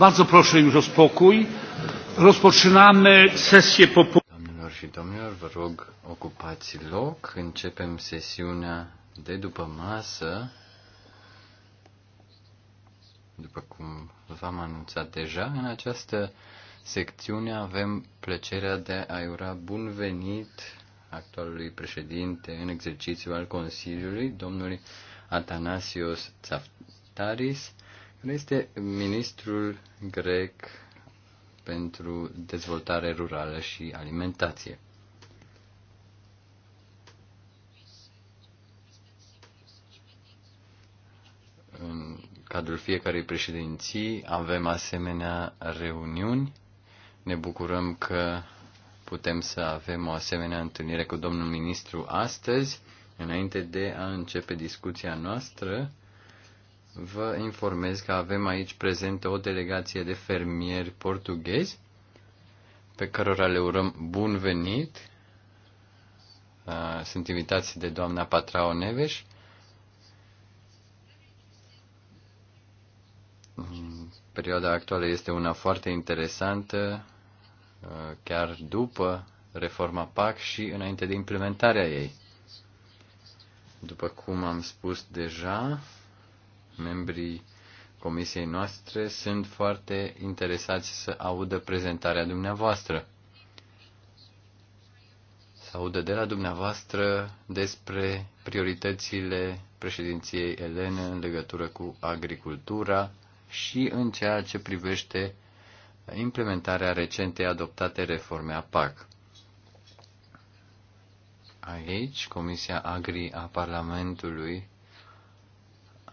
Bardzo proszę już o spokój. Rozpoczynamy sesję Doamnelor și domnilor, vă rog, ocupați loc. Începem sesiunea de după masă. După cum v-am anunțat deja, în această secțiune avem plăcerea de a ura bun venit actualului președinte în exercițiu al Consiliului, domnului Atanasios Tsaftaris, este ministrul grec pentru dezvoltare rurală și alimentație. În cadrul fiecarei președinții avem asemenea reuniuni. Ne bucurăm că putem să avem o asemenea întâlnire cu domnul ministru astăzi, înainte de a începe discuția noastră vă informez că avem aici prezentă o delegație de fermieri portughezi pe cărora le urăm bun venit. Uh, sunt invitați de doamna Patrao Neves. Mm, perioada actuală este una foarte interesantă, uh, chiar după reforma PAC și înainte de implementarea ei. După cum am spus deja, membrii comisiei noastre sunt foarte interesați să audă prezentarea dumneavoastră. Să audă de la dumneavoastră despre prioritățile președinției elene în legătură cu agricultura și în ceea ce privește implementarea recentei adoptate reforme a PAC. Aici, Comisia Agri a Parlamentului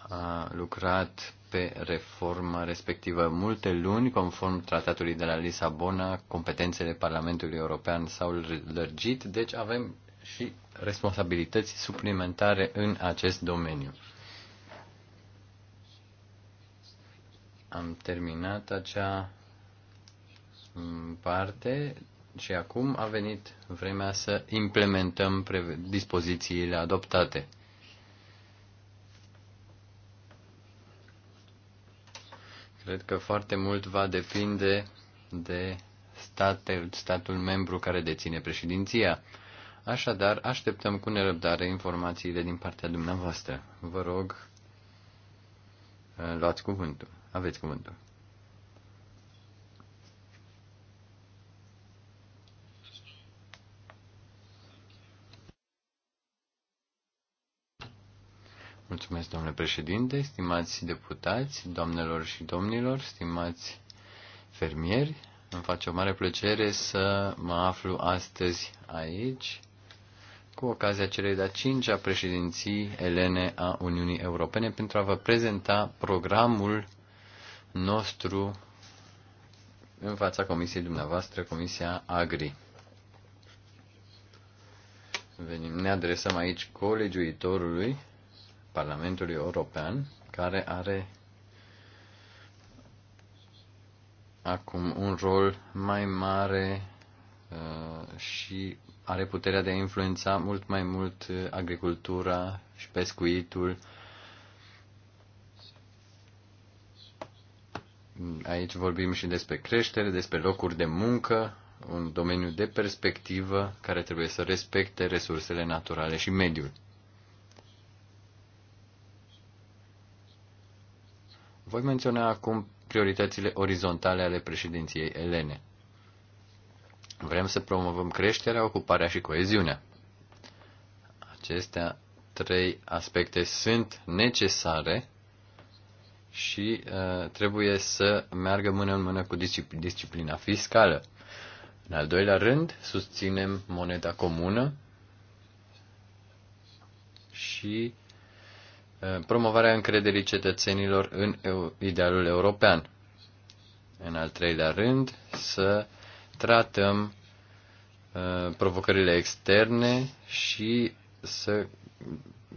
a lucrat pe reforma respectivă multe luni, conform tratatului de la Lisabona, competențele Parlamentului European s-au lărgit, deci avem și responsabilități suplimentare în acest domeniu. Am terminat acea parte și acum a venit vremea să implementăm dispozițiile adoptate. Cred că foarte mult va depinde de state, statul membru care deține președinția. Așadar, așteptăm cu nerăbdare informațiile din partea dumneavoastră. Vă rog, eh, luați cuvântul. Aveți cuvântul. Mulțumesc, domnule președinte, stimați deputați, doamnelor și domnilor, stimați fermieri. Îmi face o mare plăcere să mă aflu astăzi aici cu ocazia celei de-a cincea președinții elene a Uniunii Europene pentru a vă prezenta programul nostru în fața comisiei dumneavoastră, Comisia Agri. Venim, ne adresăm aici colegiuitorului Parlamentului European, care are acum un rol mai mare uh, și are puterea de a influența mult mai mult uh, agricultura și pescuitul. Aici vorbim și despre creștere, despre locuri de muncă, un domeniu de perspectivă care trebuie să respecte resursele naturale și mediul. Voi menționa acum prioritățile orizontale ale președinției elene. Vrem să promovăm creșterea, ocuparea și coeziunea. Acestea trei aspecte sunt necesare și uh, trebuie să meargă mână în mână cu disciplina fiscală. În al doilea rând, susținem moneda comună și Uh, promovarea încrederii cetățenilor în idealul european. În al treilea rând, să tratăm uh, provocările externe și să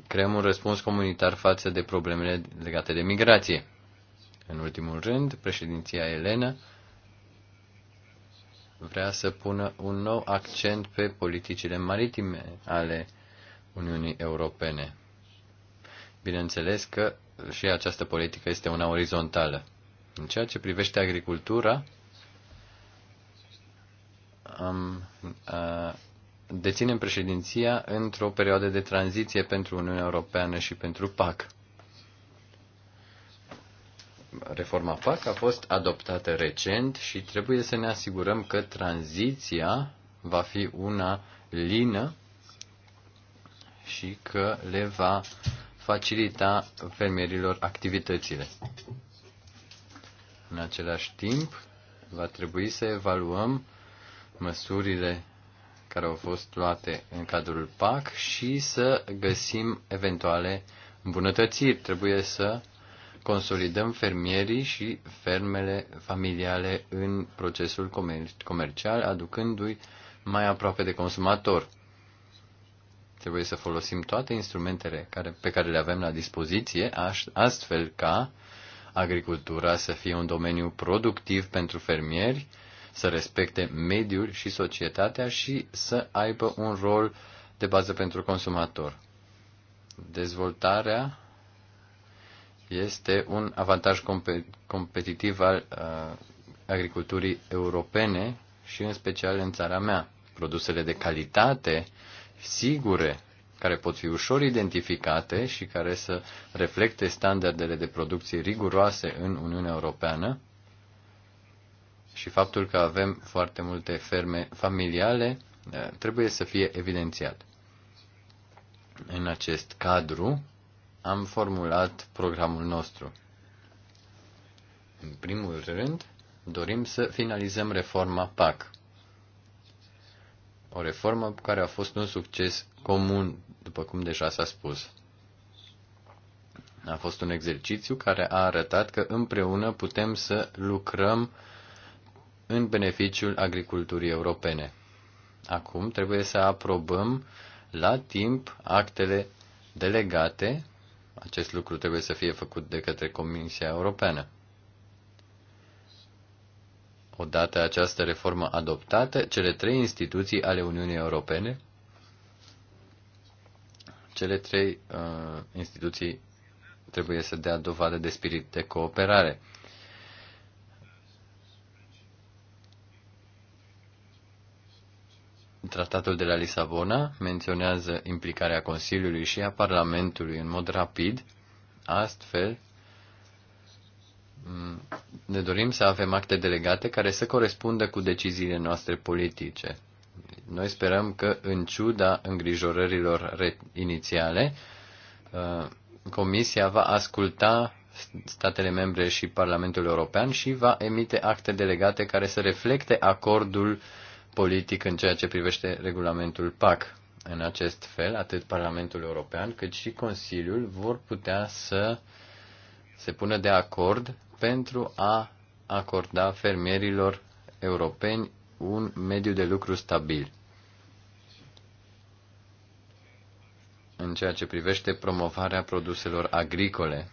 creăm un răspuns comunitar față de problemele legate de migrație. În ultimul rând, președinția Elena vrea să pună un nou accent pe politicile maritime ale Uniunii Europene. Bineînțeles că și această politică este una orizontală. În ceea ce privește agricultura, am, a, deținem președinția într-o perioadă de tranziție pentru Uniunea Europeană și pentru PAC. Reforma PAC a fost adoptată recent și trebuie să ne asigurăm că tranziția va fi una lină și că le va facilita fermierilor activitățile. În același timp, va trebui să evaluăm măsurile care au fost luate în cadrul PAC și să găsim eventuale îmbunătățiri. Trebuie să consolidăm fermierii și fermele familiale în procesul comercial, aducându-i mai aproape de consumator. Trebuie să folosim toate instrumentele care, pe care le avem la dispoziție, astfel ca agricultura să fie un domeniu productiv pentru fermieri, să respecte mediul și societatea și să aibă un rol de bază pentru consumator. Dezvoltarea este un avantaj competitiv al uh, agriculturii europene și în special în țara mea. Produsele de calitate sigure, care pot fi ușor identificate și care să reflecte standardele de producție riguroase în Uniunea Europeană și faptul că avem foarte multe ferme familiale eh, trebuie să fie evidențiat. În acest cadru am formulat programul nostru. În primul rând, dorim să finalizăm reforma PAC o reformă care a fost un succes comun, după cum deja s-a spus. A fost un exercițiu care a arătat că împreună putem să lucrăm în beneficiul agriculturii europene. Acum trebuie să aprobăm la timp actele delegate. Acest lucru trebuie să fie făcut de către Comisia Europeană odată această reformă adoptată, cele trei instituții ale Uniunii Europene, cele trei uh, instituții trebuie să dea dovadă de spirit de cooperare. Tratatul de la Lisabona menționează implicarea Consiliului și a Parlamentului în mod rapid, astfel ne dorim să avem acte delegate care să corespundă cu deciziile noastre politice. Noi sperăm că, în ciuda îngrijorărilor inițiale, uh, Comisia va asculta statele membre și Parlamentul European și va emite acte delegate care să reflecte acordul politic în ceea ce privește regulamentul PAC. În acest fel, atât Parlamentul European cât și Consiliul vor putea să se pună de acord pentru a acorda fermierilor europeni un mediu de lucru stabil. În ceea ce privește promovarea produselor agricole,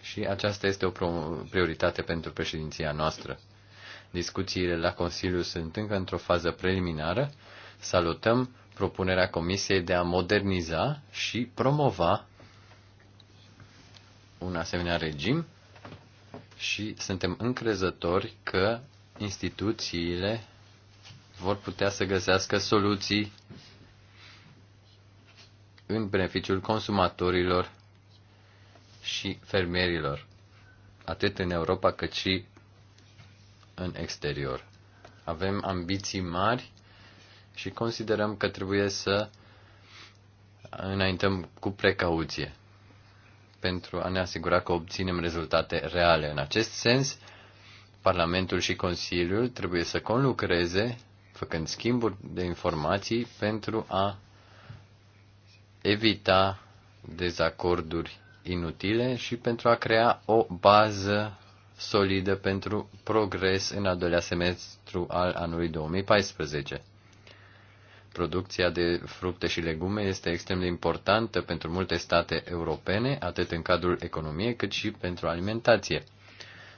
și aceasta este o prioritate pentru președinția noastră. Discuțiile la Consiliu sunt încă într-o fază preliminară. Salutăm propunerea Comisiei de a moderniza și promova un asemenea regim și suntem încrezători că instituțiile vor putea să găsească soluții în beneficiul consumatorilor și fermierilor, atât în Europa cât și în exterior. Avem ambiții mari și considerăm că trebuie să înaintăm cu precauție pentru a ne asigura că obținem rezultate reale. În acest sens, Parlamentul și Consiliul trebuie să conlucreze, făcând schimburi de informații pentru a evita dezacorduri inutile și pentru a crea o bază solidă pentru progres în al doilea semestru al anului 2014 producția de fructe și legume este extrem de importantă pentru multe state europene, atât în cadrul economiei, cât și pentru alimentație.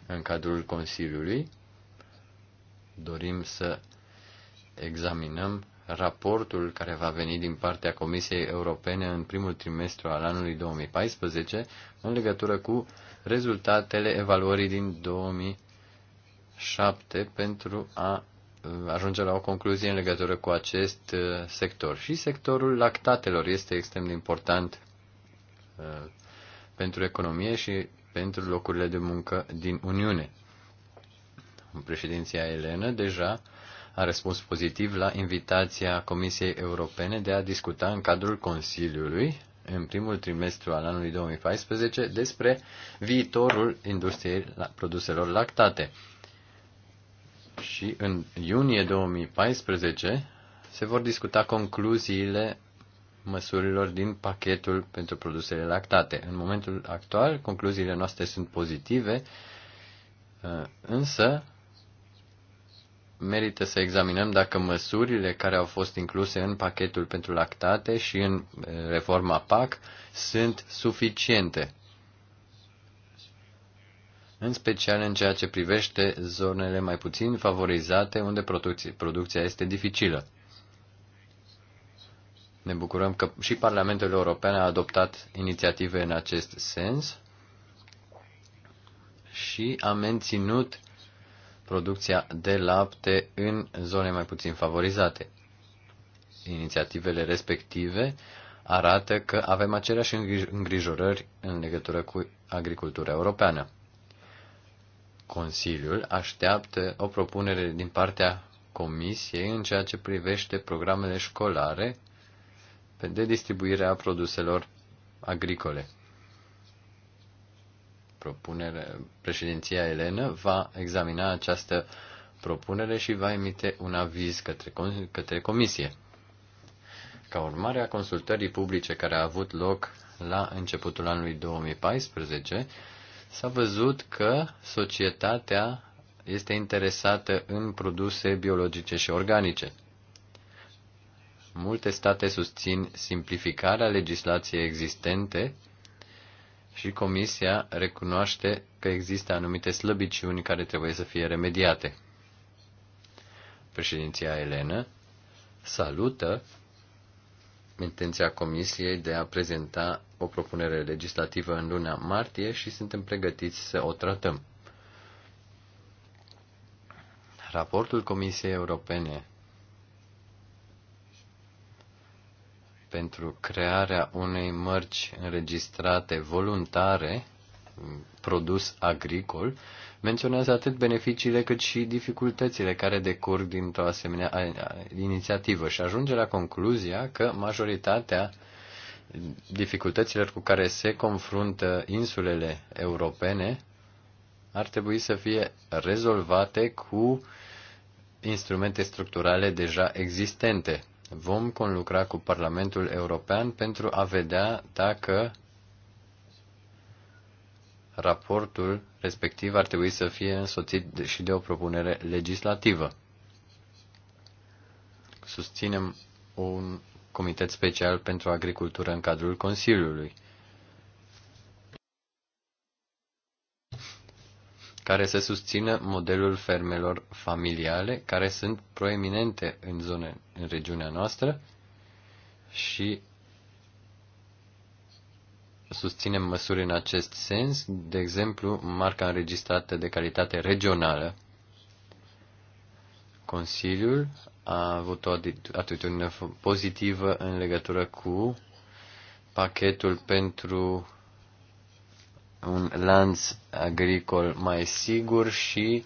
În cadrul Consiliului dorim să examinăm raportul care va veni din partea Comisiei Europene în primul trimestru al anului 2014 în legătură cu rezultatele evaluării din 2007 pentru a ajunge la o concluzie în legătură cu acest uh, sector. Și sectorul lactatelor este extrem de important uh, pentru economie și pentru locurile de muncă din Uniune. Președinția Elenă deja a răspuns pozitiv la invitația Comisiei Europene de a discuta în cadrul Consiliului, în primul trimestru al anului 2014, despre viitorul industriei produselor lactate și în iunie 2014 se vor discuta concluziile măsurilor din pachetul pentru produsele lactate. În momentul actual, concluziile noastre sunt pozitive, uh, însă merită să examinăm dacă măsurile care au fost incluse în pachetul pentru lactate și în uh, reforma PAC sunt suficiente în special în ceea ce privește zonele mai puțin favorizate, unde producția este dificilă. Ne bucurăm că și Parlamentul European a adoptat inițiative în acest sens și a menținut producția de lapte în zone mai puțin favorizate. Inițiativele respective arată că avem aceleași îngrijorări în legătură cu agricultura europeană. Consiliul așteaptă o propunere din partea Comisiei în ceea ce privește programele școlare de distribuire a produselor agricole. Propunere, președinția Elenă va examina această propunere și va emite un aviz către, către Comisie. Ca urmare a consultării publice care a avut loc la începutul anului 2014, s-a văzut că societatea este interesată în produse biologice și organice. Multe state susțin simplificarea legislației existente și Comisia recunoaște că există anumite slăbiciuni care trebuie să fie remediate. Președinția Elenă salută intenția Comisiei de a prezenta o propunere legislativă în luna martie și suntem pregătiți să o tratăm. Raportul Comisiei Europene pentru crearea unei mărci înregistrate voluntare produs agricol, menționează atât beneficiile cât și dificultățile care decurg dintr-o asemenea inițiativă și ajunge la concluzia că majoritatea dificultăților cu care se confruntă insulele europene ar trebui să fie rezolvate cu instrumente structurale deja existente. Vom conlucra cu Parlamentul European pentru a vedea dacă raportul respectiv ar trebui să fie însoțit și de o propunere legislativă. Susținem un comitet special pentru agricultură în cadrul Consiliului, care să susțină modelul fermelor familiale, care sunt proeminente în zone, în regiunea noastră și susținem măsuri în acest sens, de exemplu, marca înregistrată de calitate regională. Consiliul a avut o atitudine pozitivă în legătură cu pachetul pentru un lanț agricol mai sigur și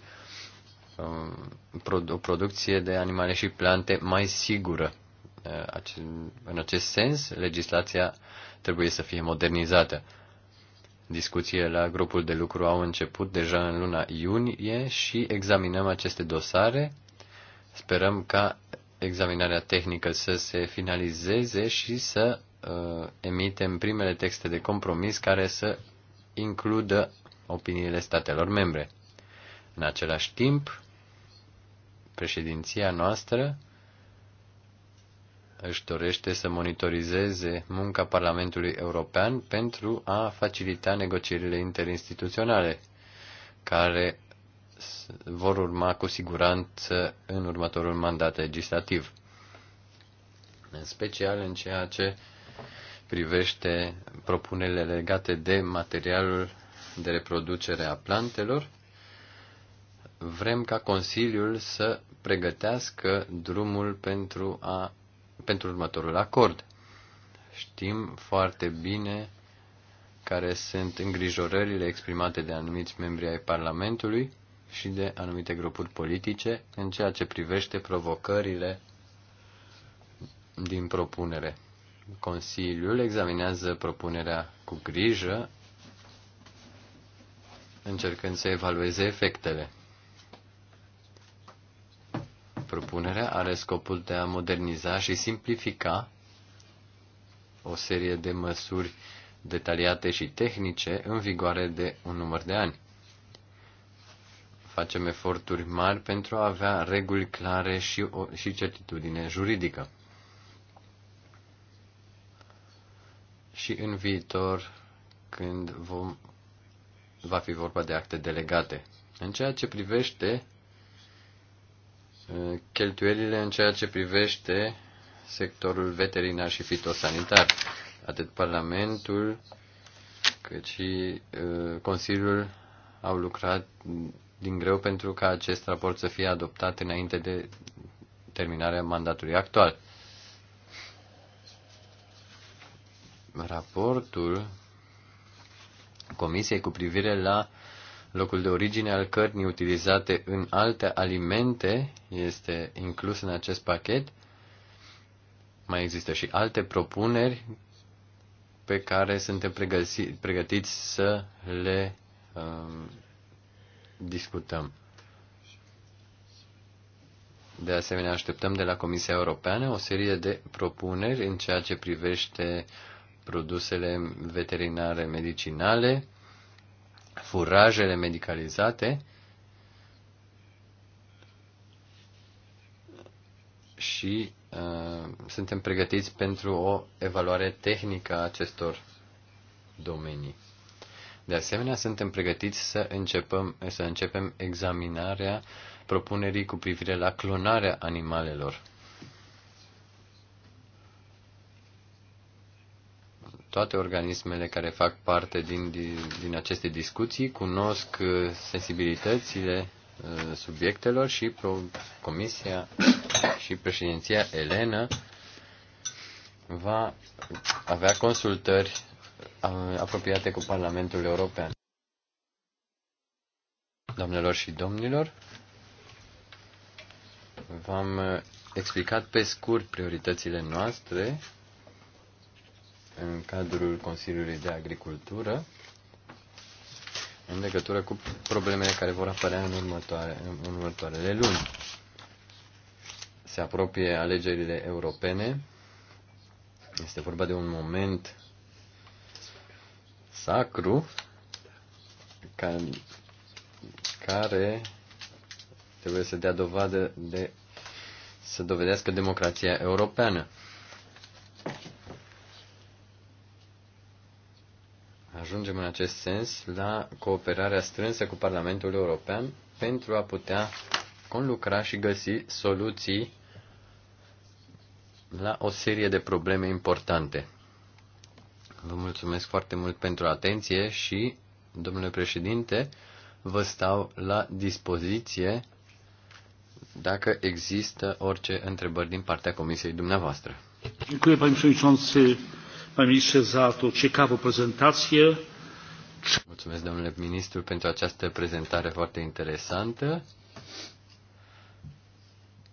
um, o producție de animale și plante mai sigură. Uh, în acest sens, legislația trebuie să fie modernizată. Discuțiile la grupul de lucru au început deja în luna iunie și examinăm aceste dosare. Sperăm ca examinarea tehnică să se finalizeze și să uh, emitem primele texte de compromis care să includă opiniile statelor membre. În același timp, președinția noastră își dorește să monitorizeze munca Parlamentului European pentru a facilita negocierile interinstituționale, care vor urma cu siguranță în următorul mandat legislativ. În special în ceea ce privește propunerile legate de materialul de reproducere a plantelor, vrem ca Consiliul să pregătească drumul pentru a pentru următorul acord. Știm foarte bine care sunt îngrijorările exprimate de anumiți membri ai Parlamentului și de anumite grupuri politice în ceea ce privește provocările din propunere. Consiliul examinează propunerea cu grijă, încercând să evalueze efectele propunere are scopul de a moderniza și simplifica o serie de măsuri detaliate și tehnice în vigoare de un număr de ani. Facem eforturi mari pentru a avea reguli clare și, o, și certitudine juridică. Și în viitor, când vom, va fi vorba de acte delegate. În ceea ce privește cheltuielile în ceea ce privește sectorul veterinar și fitosanitar. Atât Parlamentul cât și uh, Consiliul au lucrat din greu pentru ca acest raport să fie adoptat înainte de terminarea mandatului actual. Raportul Comisiei cu privire la Locul de origine al cărnii utilizate în alte alimente este inclus în acest pachet. Mai există și alte propuneri pe care suntem pregătiți să le um, discutăm. De asemenea, așteptăm de la Comisia Europeană o serie de propuneri în ceea ce privește produsele veterinare medicinale, furajele medicalizate și uh, suntem pregătiți pentru o evaluare tehnică a acestor domenii. De asemenea, suntem pregătiți să începem, să începem examinarea propunerii cu privire la clonarea animalelor. toate organismele care fac parte din, din aceste discuții cunosc uh, sensibilitățile uh, subiectelor și Comisia și președinția Elena va avea consultări uh, apropiate cu Parlamentul European. Doamnelor și domnilor, v-am explicat pe scurt prioritățile noastre în cadrul Consiliului de Agricultură în legătură cu problemele care vor apărea în, următoare, în următoarele luni. Se apropie alegerile europene. Este vorba de un moment sacru care trebuie să dea dovadă de să dovedească democrația europeană. ajungem în acest sens la cooperarea strânsă cu Parlamentul European pentru a putea conlucra și găsi soluții la o serie de probleme importante. Vă mulțumesc foarte mult pentru atenție și, domnule președinte, vă stau la dispoziție dacă există orice întrebări din partea comisiei dumneavoastră. Dziękuję panie przewodniczący panie ministrze, za tą ciekawą prezentację. Mulțumesc, domnule ministru, pentru această prezentare foarte interesantă.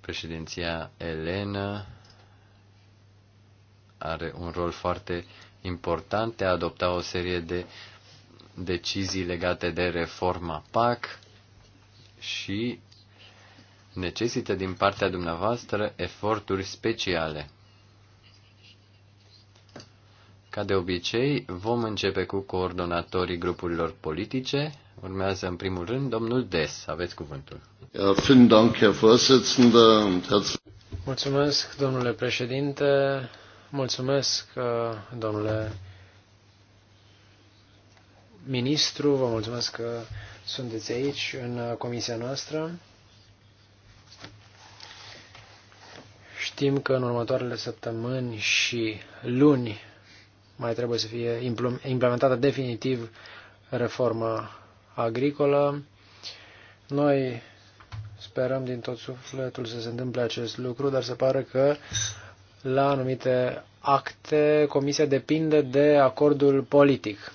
Președinția Elena are un rol foarte important de a adopta o serie de decizii legate de reforma PAC și necesită din partea dumneavoastră eforturi speciale. Ca de obicei, vom începe cu coordonatorii grupurilor politice. Urmează în primul rând domnul Des. Aveți cuvântul. Mulțumesc, domnule președinte. Mulțumesc, uh, domnule ministru. Vă mulțumesc că sunteți aici, în uh, comisia noastră. Știm că în următoarele săptămâni și luni mai trebuie să fie implementată definitiv reforma agricolă. Noi sperăm din tot sufletul să se întâmple acest lucru, dar se pare că la anumite acte comisia depinde de acordul politic.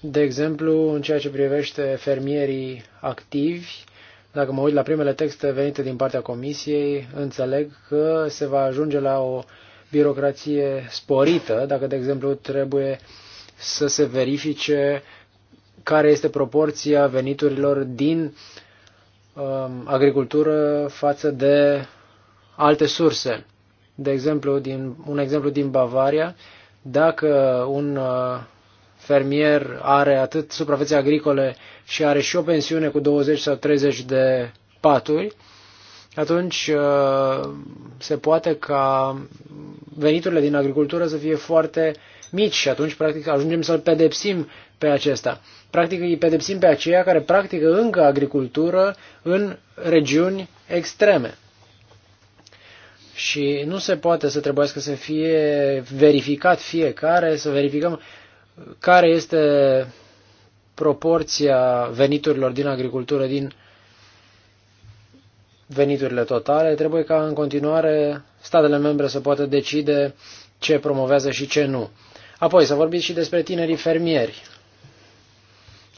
De exemplu, în ceea ce privește fermierii activi, dacă mă uit la primele texte venite din partea comisiei, înțeleg că se va ajunge la o birocrație sporită, dacă, de exemplu, trebuie să se verifice care este proporția veniturilor din um, agricultură față de alte surse. De exemplu, din, un exemplu din Bavaria, dacă un uh, fermier are atât suprafețe agricole și are și o pensiune cu 20 sau 30 de paturi, atunci uh, se poate ca veniturile din agricultură să fie foarte mici și atunci, practic, ajungem să-l pedepsim pe acesta. Practic, îi pedepsim pe aceia care practică încă agricultură în regiuni extreme. Și nu se poate să trebuiască să fie verificat fiecare, să verificăm care este proporția veniturilor din agricultură din veniturile totale, trebuie ca în continuare statele membre să poată decide ce promovează și ce nu. Apoi să vorbim și despre tinerii fermieri.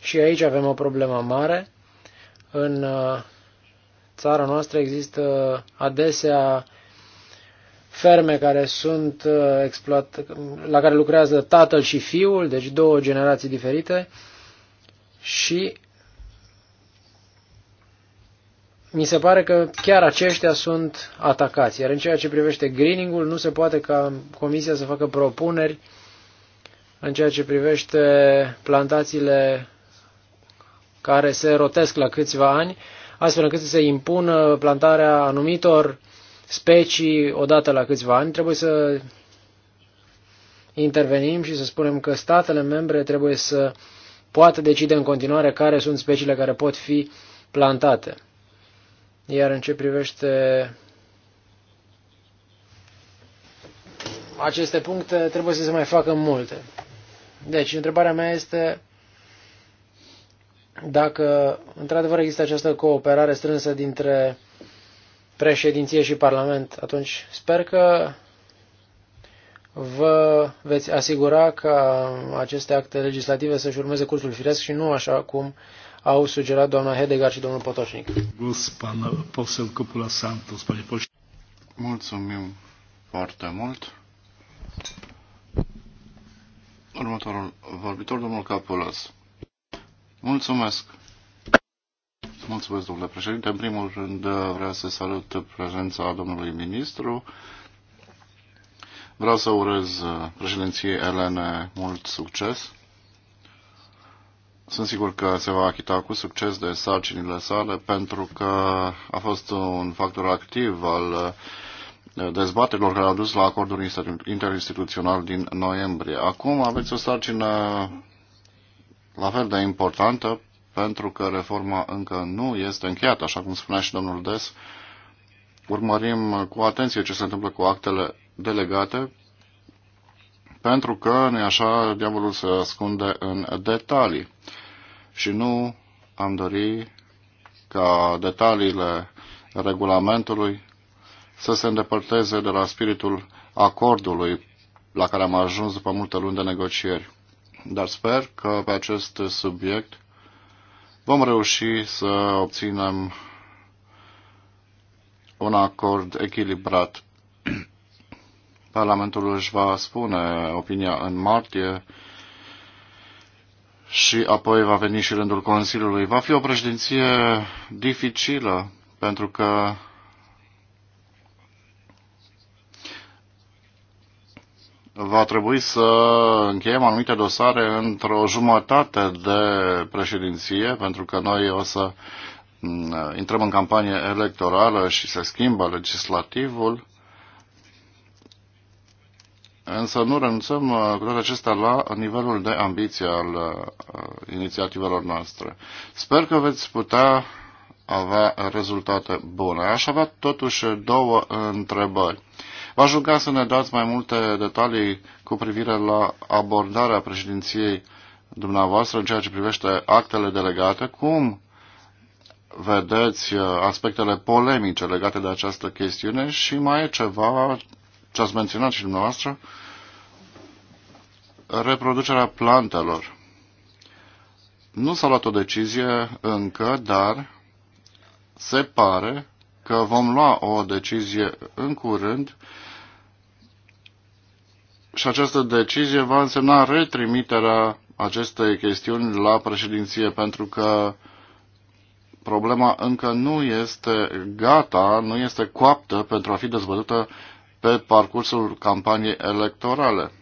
Și aici avem o problemă mare. În uh, țara noastră există adesea ferme care sunt uh, exploat, la care lucrează tatăl și fiul, deci două generații diferite, și mi se pare că chiar aceștia sunt atacați. Iar în ceea ce privește greening-ul, nu se poate ca comisia să facă propuneri în ceea ce privește plantațiile care se rotesc la câțiva ani, astfel încât să se impună plantarea anumitor specii odată la câțiva ani. Trebuie să intervenim și să spunem că statele membre trebuie să poată decide în continuare care sunt speciile care pot fi plantate. Iar în ce privește aceste puncte, trebuie să se mai facă multe. Deci, întrebarea mea este dacă într-adevăr există această cooperare strânsă dintre președinție și Parlament, atunci sper că vă veți asigura că aceste acte legislative să-și urmeze cursul firesc și nu așa cum au sugerat doamna Hedegar și domnul Potoșnic. Mulțumim foarte mult. Următorul vorbitor, domnul Capulas. Mulțumesc. Mulțumesc, domnule președinte. În primul rând vreau să salut prezența domnului ministru. Vreau să urez președinției Elene mult succes. Sunt sigur că se va achita cu succes de sarcinile sale pentru că a fost un factor activ al uh, dezbaterilor care au dus la acordul interinstituțional din noiembrie. Acum aveți o sarcină la fel de importantă pentru că reforma încă nu este încheiată, așa cum spunea și domnul Des. Urmărim cu atenție ce se întâmplă cu actele delegate pentru că, nu așa, diavolul se ascunde în detalii. Și nu am dori ca detaliile regulamentului să se îndepărteze de la spiritul acordului la care am ajuns după multe luni de negocieri. Dar sper că pe acest subiect vom reuși să obținem un acord echilibrat Parlamentul își va spune opinia în martie și apoi va veni și rândul Consiliului. Va fi o președinție dificilă pentru că va trebui să încheiem anumite dosare într-o jumătate de președinție, pentru că noi o să mm, intrăm în campanie electorală și se schimbă legislativul. Însă nu renunțăm uh, cu toate acestea la nivelul de ambiție al uh, uh, inițiativelor noastre. Sper că veți putea avea rezultate bune. Aș avea totuși două întrebări. V-aș ruga să ne dați mai multe detalii cu privire la abordarea președinției dumneavoastră în ceea ce privește actele delegate. Cum vedeți aspectele polemice legate de această chestiune și mai e ceva ce ați menționat și dumneavoastră, reproducerea plantelor. Nu s-a luat o decizie încă, dar se pare că vom lua o decizie în curând și această decizie va însemna retrimiterea acestei chestiuni la președinție, pentru că problema încă nu este gata, nu este coaptă pentru a fi dezvăzută pe parcursul campaniei electorale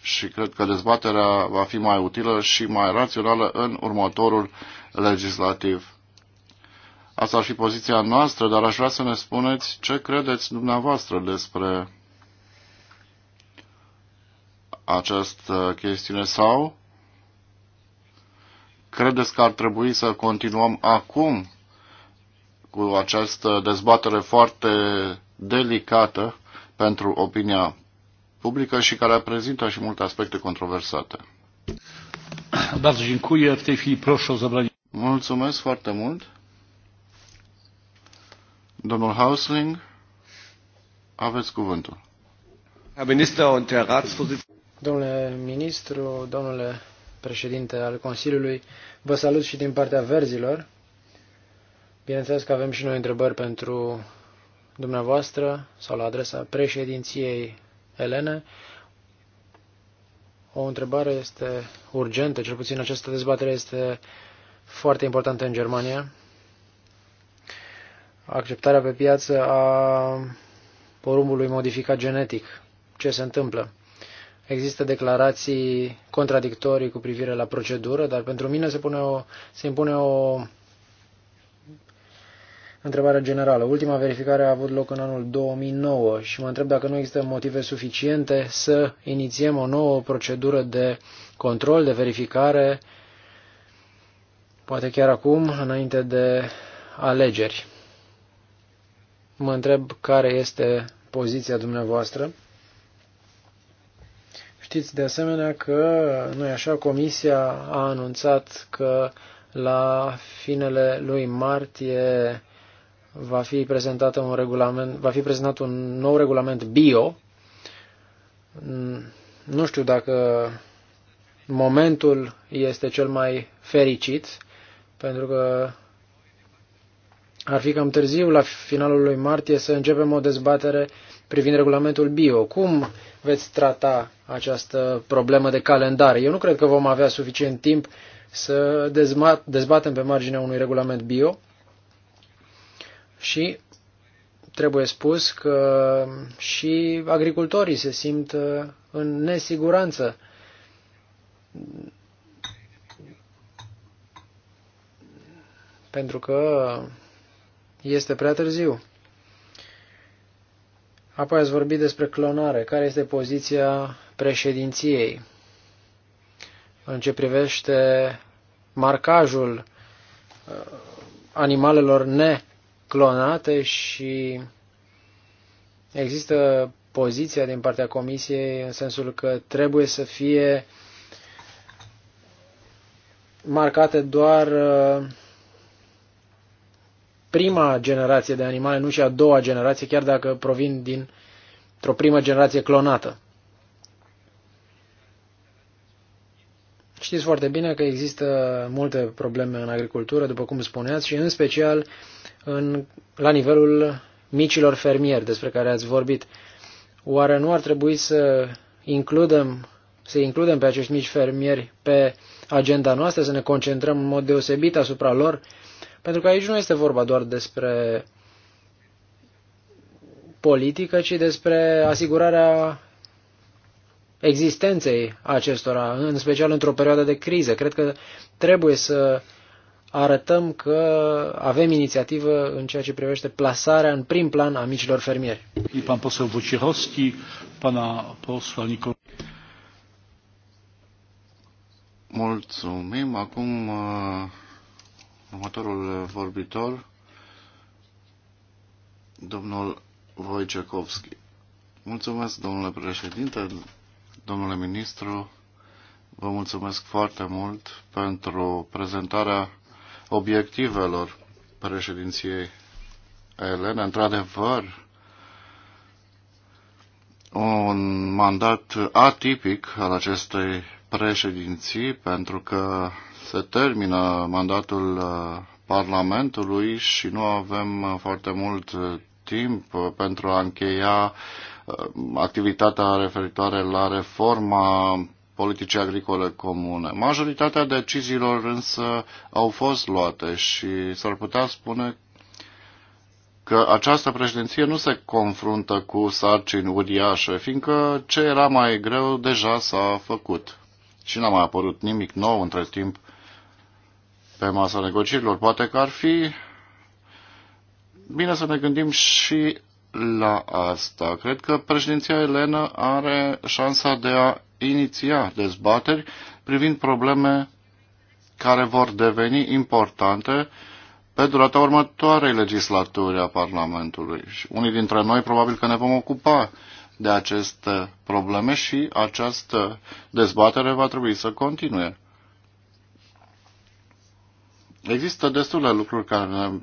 și cred că dezbaterea va fi mai utilă și mai rațională în următorul legislativ. Asta ar fi poziția noastră, dar aș vrea să ne spuneți ce credeți dumneavoastră despre această chestiune sau credeți că ar trebui să continuăm acum cu această dezbatere foarte delicată pentru opinia publică și care prezintă și multe aspecte controversate. Mulțumesc foarte mult. Domnul Hausling, aveți cuvântul. Domnule ministru, domnule președinte al Consiliului, vă salut și din partea verzilor. Bineînțeles că avem și noi întrebări pentru dumneavoastră sau la adresa președinției Elene. O întrebare este urgentă, cel puțin această dezbatere este foarte importantă în Germania. Acceptarea pe piață a porumbului modificat genetic. Ce se întâmplă? Există declarații contradictorii cu privire la procedură, dar pentru mine se, pune o, se impune o Întrebarea generală. Ultima verificare a avut loc în anul 2009 și mă întreb dacă nu există motive suficiente să inițiem o nouă procedură de control, de verificare, poate chiar acum, înainte de alegeri. Mă întreb care este poziția dumneavoastră. Știți de asemenea că, noi așa, Comisia a anunțat că la finele lui martie va fi prezentat un regulament, va fi prezentat un nou regulament bio. Nu știu dacă momentul este cel mai fericit, pentru că ar fi cam târziu, la finalul lui martie, să începem o dezbatere privind regulamentul bio. Cum veți trata această problemă de calendar? Eu nu cred că vom avea suficient timp să dezbatem pe marginea unui regulament bio. Și trebuie spus că și agricultorii se simt uh, în nesiguranță. Pentru că este prea târziu. Apoi ați vorbit despre clonare. Care este poziția președinției în ce privește marcajul uh, animalelor ne clonate și există poziția din partea Comisiei în sensul că trebuie să fie marcate doar uh, prima generație de animale, nu și a doua generație, chiar dacă provin din o primă generație clonată. Știți foarte bine că există multe probleme în agricultură, după cum spuneați, și în special în, la nivelul micilor fermieri despre care ați vorbit. Oare nu ar trebui să includem, să includem pe acești mici fermieri pe agenda noastră, să ne concentrăm în mod deosebit asupra lor? Pentru că aici nu este vorba doar despre politică, ci despre asigurarea existenței acestora, în special într-o perioadă de criză. Cred că trebuie să arătăm că avem inițiativă în ceea ce privește plasarea în prim plan a micilor fermieri. Pan posel Wojciechowski, pana posla Mulțumim. Acum uh, următorul vorbitor, domnul Wojciechowski. Mulțumesc, domnule președinte, domnule ministru, vă mulțumesc foarte mult pentru prezentarea obiectivelor președinției Elena. Într-adevăr, un mandat atipic al acestei președinții, pentru că se termină mandatul uh, Parlamentului și nu avem uh, foarte mult uh, timp pentru a încheia Uh, activitatea referitoare la reforma politicii agricole comune. Majoritatea deciziilor însă au fost luate și s-ar putea spune că această președinție nu se confruntă cu sarcini uriașe, fiindcă ce era mai greu deja s-a făcut. Și n-a mai apărut nimic nou între timp pe masa negocierilor. Poate că ar fi bine să ne gândim și la asta. Cred că președinția elenă are șansa de a iniția dezbateri privind probleme care vor deveni importante pe durata următoarei legislaturi a Parlamentului. Și unii dintre noi probabil că ne vom ocupa de aceste probleme și această dezbatere va trebui să continue. Există destule lucruri care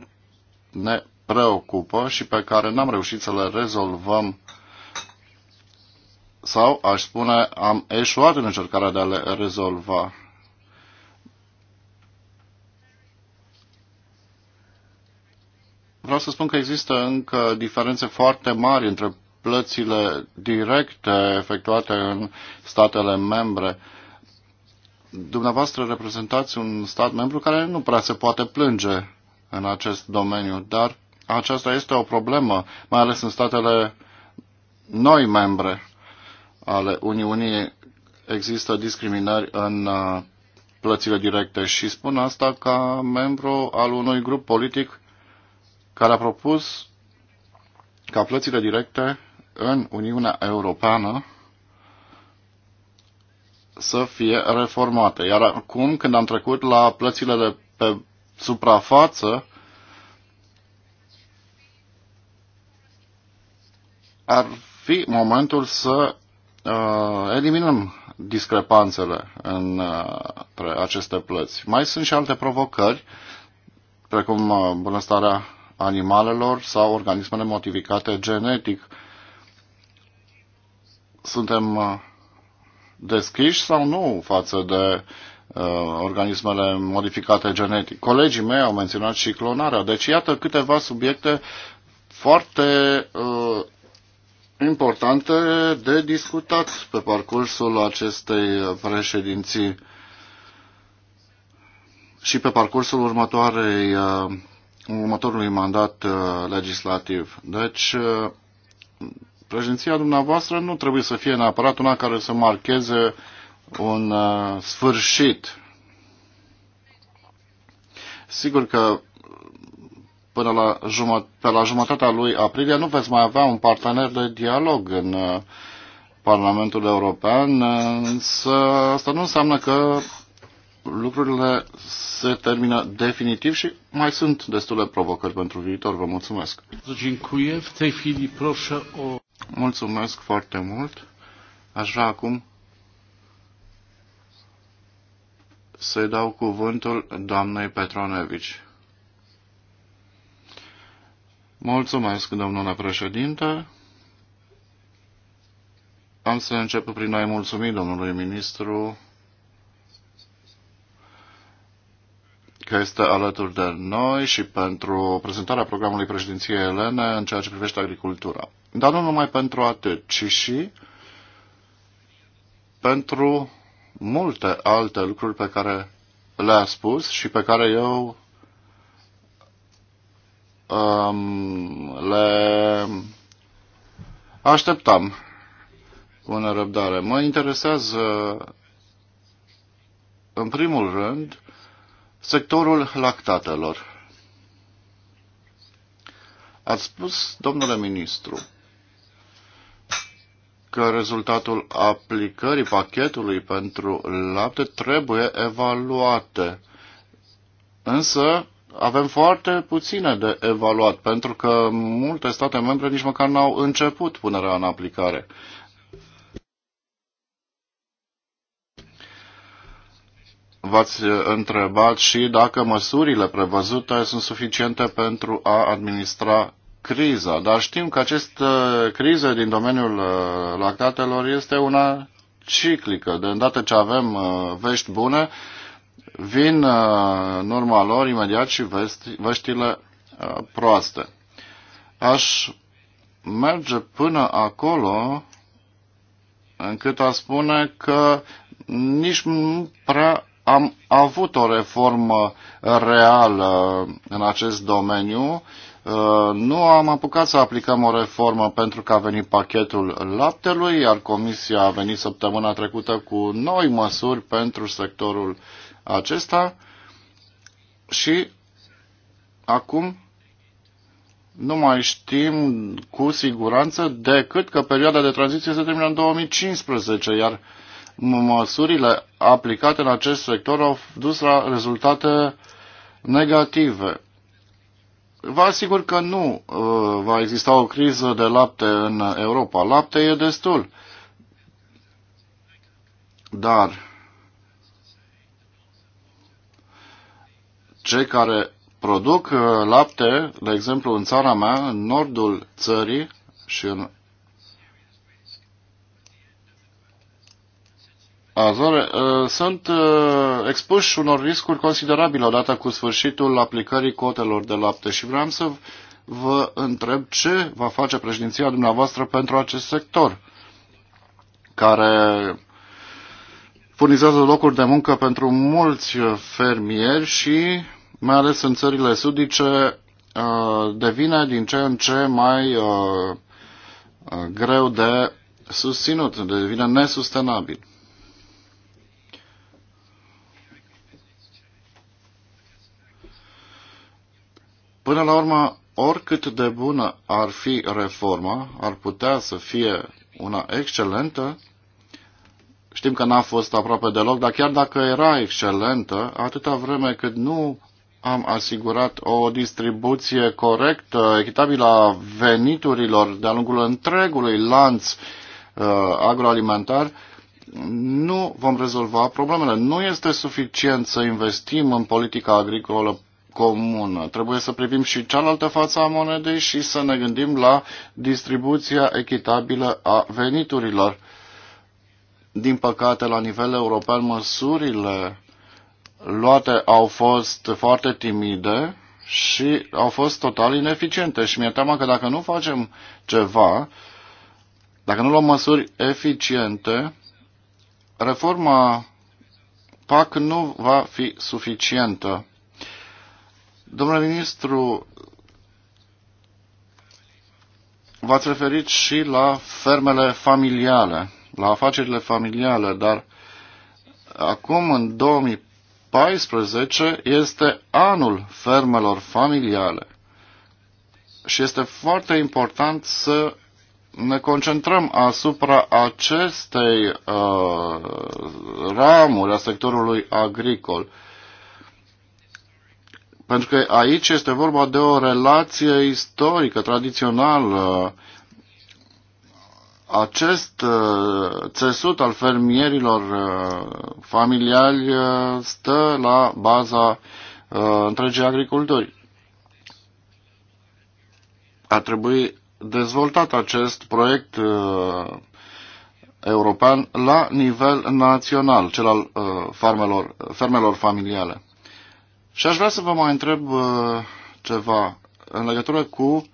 ne preocupă și pe care n-am reușit să le rezolvăm sau, aș spune, am eșuat în încercarea de a le rezolva. Vreau să spun că există încă diferențe foarte mari între plățile directe efectuate în statele membre. Dumneavoastră reprezentați un stat membru care nu prea se poate plânge în acest domeniu, dar aceasta este o problemă, mai ales în statele noi membre ale Uniunii. Există discriminări în uh, plățile directe și spun asta ca membru al unui grup politic care a propus ca plățile directe în Uniunea Europeană să fie reformate. Iar acum, când am trecut la plățile de pe suprafață, ar fi momentul să uh, eliminăm discrepanțele între uh, aceste plăți. Mai sunt și alte provocări, precum uh, bunăstarea animalelor sau organismele modificate genetic. Suntem uh, deschiși sau nu față de uh, organismele modificate genetic? Colegii mei au menționat și clonarea. Deci iată câteva subiecte foarte uh, importante de discutat pe parcursul acestei președinții și pe parcursul următoarei, uh, următorului mandat uh, legislativ. Deci, uh, președinția dumneavoastră nu trebuie să fie neapărat una care să marcheze un sfârșit. Sigur că până la, jumăt- pe la jumătatea lui aprilie nu veți mai avea un partener de dialog în uh, Parlamentul European, uh, însă asta nu înseamnă că lucrurile se termină definitiv și mai sunt destule provocări pentru viitor. Vă mulțumesc. Mulțumesc foarte mult. Aș vrea acum să-i dau cuvântul doamnei Petronevici. Mulțumesc, domnule președinte. Am să încep prin a-i mulțumi domnului ministru că este alături de noi și pentru prezentarea programului președinției elene în ceea ce privește agricultura. Dar nu numai pentru atât, ci și pentru multe alte lucruri pe care le-a spus și pe care eu um, le așteptam cu nerăbdare. Mă interesează, în primul rând, sectorul lactatelor. Ați spus, domnule ministru, că rezultatul aplicării pachetului pentru lapte trebuie evaluate. Însă, avem foarte puține de evaluat, pentru că multe state membre nici măcar n-au început punerea în aplicare. V-ați întrebat și dacă măsurile prevăzute sunt suficiente pentru a administra criza, dar știm că această criză din domeniul uh, lactatelor este una ciclică. De îndată ce avem uh, vești bune, vin uh, în urma lor imediat și veștile uh, proaste. Aș merge până acolo încât a spune că nici nu prea am avut o reformă reală în acest domeniu. Uh, nu am apucat să aplicăm o reformă pentru că a venit pachetul laptelui, iar Comisia a venit săptămâna trecută cu noi măsuri pentru sectorul uh, acesta și acum nu mai știm cu siguranță decât că perioada de tranziție se termină în 2015, iar măsurile aplicate în acest sector au dus la rezultate negative. Vă asigur că nu uh, va exista o criză de lapte în Europa. Lapte e destul. Dar cei care produc uh, lapte, de exemplu în țara mea, în nordul țării și în Azore, uh, sunt uh, expuși unor riscuri considerabile odată cu sfârșitul aplicării cotelor de lapte și vreau să vă întreb ce va face președinția dumneavoastră pentru acest sector care furnizează locuri de muncă pentru mulți uh, fermieri și, mai ales în țările sudice, uh, devine din ce în ce mai uh, greu de susținut, devine nesustenabil. Până la urmă, oricât de bună ar fi reforma, ar putea să fie una excelentă Știm că n-a fost aproape deloc, dar chiar dacă era excelentă, atâta vreme cât nu am asigurat o distribuție corectă, echitabilă a veniturilor de-a lungul întregului lanț uh, agroalimentar, nu vom rezolva problemele. Nu este suficient să investim în politica agricolă comună. Trebuie să privim și cealaltă față a monedei și să ne gândim la distribuția echitabilă a veniturilor. Din păcate, la nivel european, măsurile luate au fost foarte timide și au fost total ineficiente. Și mi-e teamă că dacă nu facem ceva, dacă nu luăm măsuri eficiente, reforma PAC nu va fi suficientă. Domnule ministru, v-ați referit și la fermele familiale la afacerile familiale, dar acum, în 2014, este anul fermelor familiale. Și este foarte important să ne concentrăm asupra acestei uh, ramuri a sectorului agricol. Pentru că aici este vorba de o relație istorică, tradițională, acest uh, țesut al fermierilor uh, familiali uh, stă la baza întregii agriculturi. A trebui dezvoltat acest proiect european la nivel național, cel al farmelor, fermelor familiale. Și aș vrea să vă mai întreb ceva în legătură cu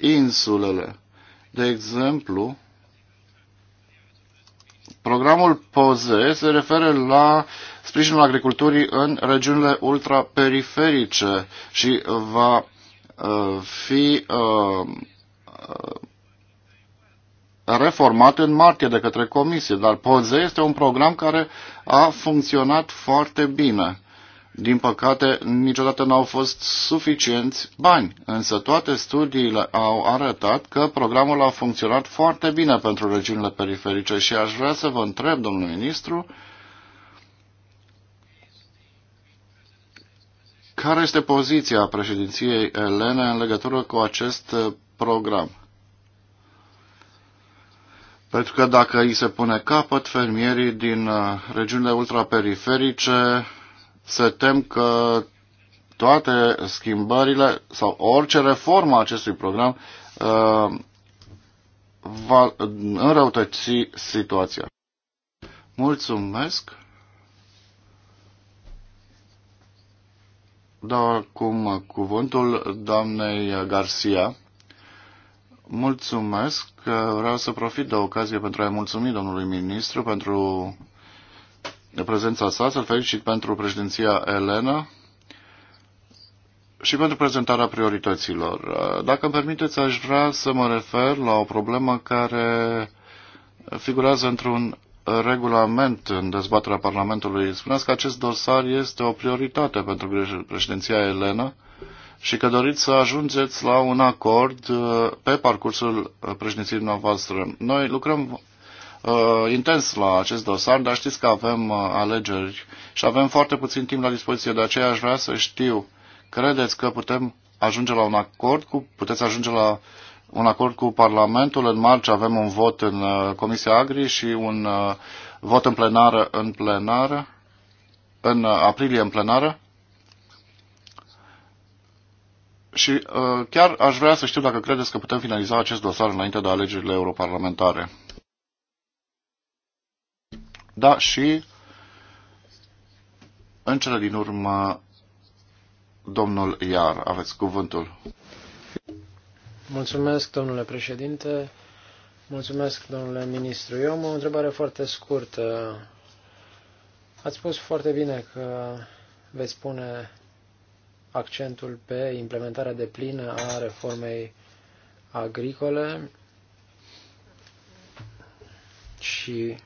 insulele. De exemplu, Programul POZE se referă la sprijinul agriculturii în regiunile ultraperiferice și va uh, fi uh, uh, reformat în martie de către comisie, dar POZE este un program care a funcționat foarte bine. Din păcate, niciodată n-au fost suficienți bani, însă toate studiile au arătat că programul a funcționat foarte bine pentru regiunile periferice și aș vrea să vă întreb, domnul ministru, care este poziția președinției elene în legătură cu acest uh, program? Pentru că dacă îi se pune capăt, fermierii din uh, regiunile ultraperiferice se tem că toate schimbările sau orice reformă a acestui program uh, va înrăutăți situația. Mulțumesc! Dau acum cuvântul doamnei Garcia. Mulțumesc! Vreau să profit de ocazie pentru a-i mulțumi domnului ministru pentru prezența sa, să-l felicit pentru președinția Elena și pentru prezentarea priorităților. Dacă îmi permiteți, aș vrea să mă refer la o problemă care figurează într-un regulament în dezbaterea Parlamentului. Spuneați că acest dosar este o prioritate pentru președinția Elena și că doriți să ajungeți la un acord pe parcursul președinției noastre. Noi lucrăm uh, intens la acest dosar, dar știți că avem uh, alegeri și avem foarte puțin timp la dispoziție, de aceea aș vrea să știu, credeți că putem ajunge la un acord cu, puteți ajunge la un acord cu Parlamentul, în marge avem un vot în uh, Comisia Agri și un uh, vot în plenară în plenară, în uh, aprilie în plenară. Și uh, chiar aș vrea să știu dacă credeți că putem finaliza acest dosar înainte de alegerile europarlamentare. Da și în cele din urmă domnul Iar. Aveți cuvântul. Mulțumesc, domnule președinte. Mulțumesc, domnule ministru. Eu am o întrebare foarte scurtă. Ați spus foarte bine că veți pune accentul pe implementarea de plină a reformei agricole și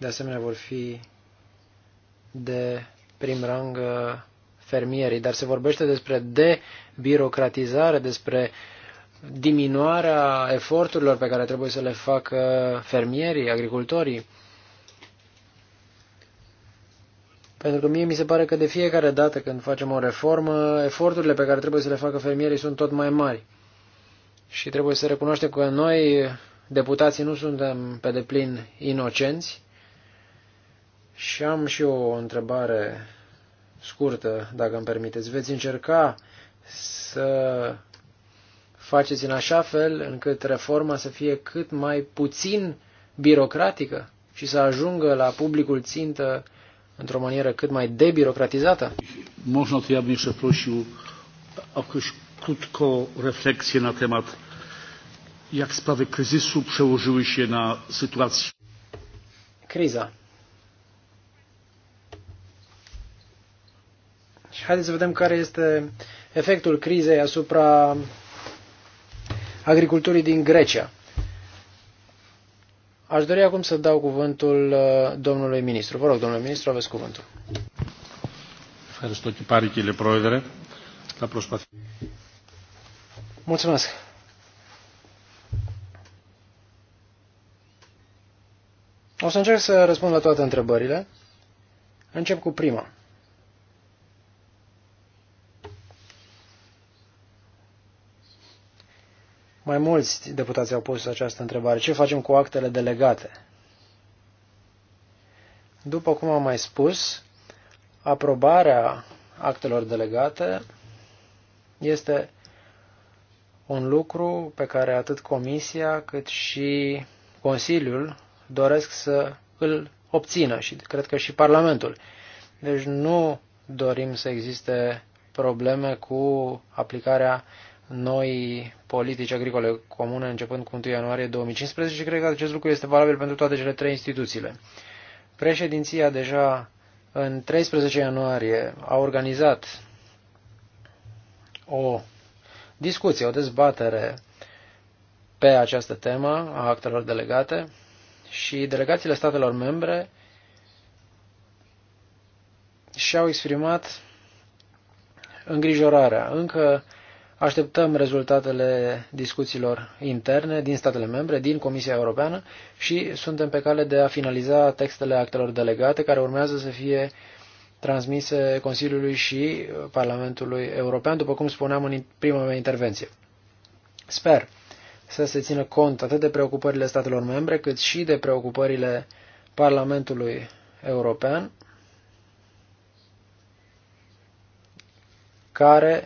de asemenea, vor fi de prim rang uh, fermierii, dar se vorbește despre debirocratizare, despre diminuarea eforturilor pe care trebuie să le facă fermierii, agricultorii. Pentru că mie mi se pare că de fiecare dată când facem o reformă, eforturile pe care trebuie să le facă fermierii sunt tot mai mari. Și trebuie să recunoaștem că noi, deputații, nu suntem pe deplin inocenți și am și o întrebare scurtă, dacă îmi permiteți. Veți încerca să faceți în așa fel încât reforma să fie cât mai puțin birocratică și să ajungă la publicul țintă într-o manieră cât mai debirocratizată? Można to ja bym jeszcze prosił o jakąś krótką na temat jak sprawy kryzysu przełożyły się na situații. Criza Și deci, haideți să vedem care este efectul crizei asupra agriculturii din Grecia. Aș dori acum să dau cuvântul uh, domnului ministru. Vă rog, domnule ministru, aveți cuvântul. Mulțumesc. O să încerc să răspund la toate întrebările. Încep cu prima. Mai mulți deputați au pus această întrebare. Ce facem cu actele delegate? După cum am mai spus, aprobarea actelor delegate este un lucru pe care atât Comisia cât și Consiliul doresc să îl obțină și cred că și Parlamentul. Deci nu dorim să existe probleme cu aplicarea noi politici agricole comune începând cu 1 ianuarie 2015 și cred că acest lucru este valabil pentru toate cele trei instituțiile. Președinția deja în 13 ianuarie a organizat o discuție, o dezbatere pe această temă a actelor delegate și delegațiile statelor membre și-au exprimat îngrijorarea. Încă Așteptăm rezultatele discuțiilor interne din statele membre, din Comisia Europeană și suntem pe cale de a finaliza textele actelor delegate care urmează să fie transmise Consiliului și Parlamentului European, după cum spuneam în prima mea intervenție. Sper să se țină cont atât de preocupările statelor membre, cât și de preocupările Parlamentului European, care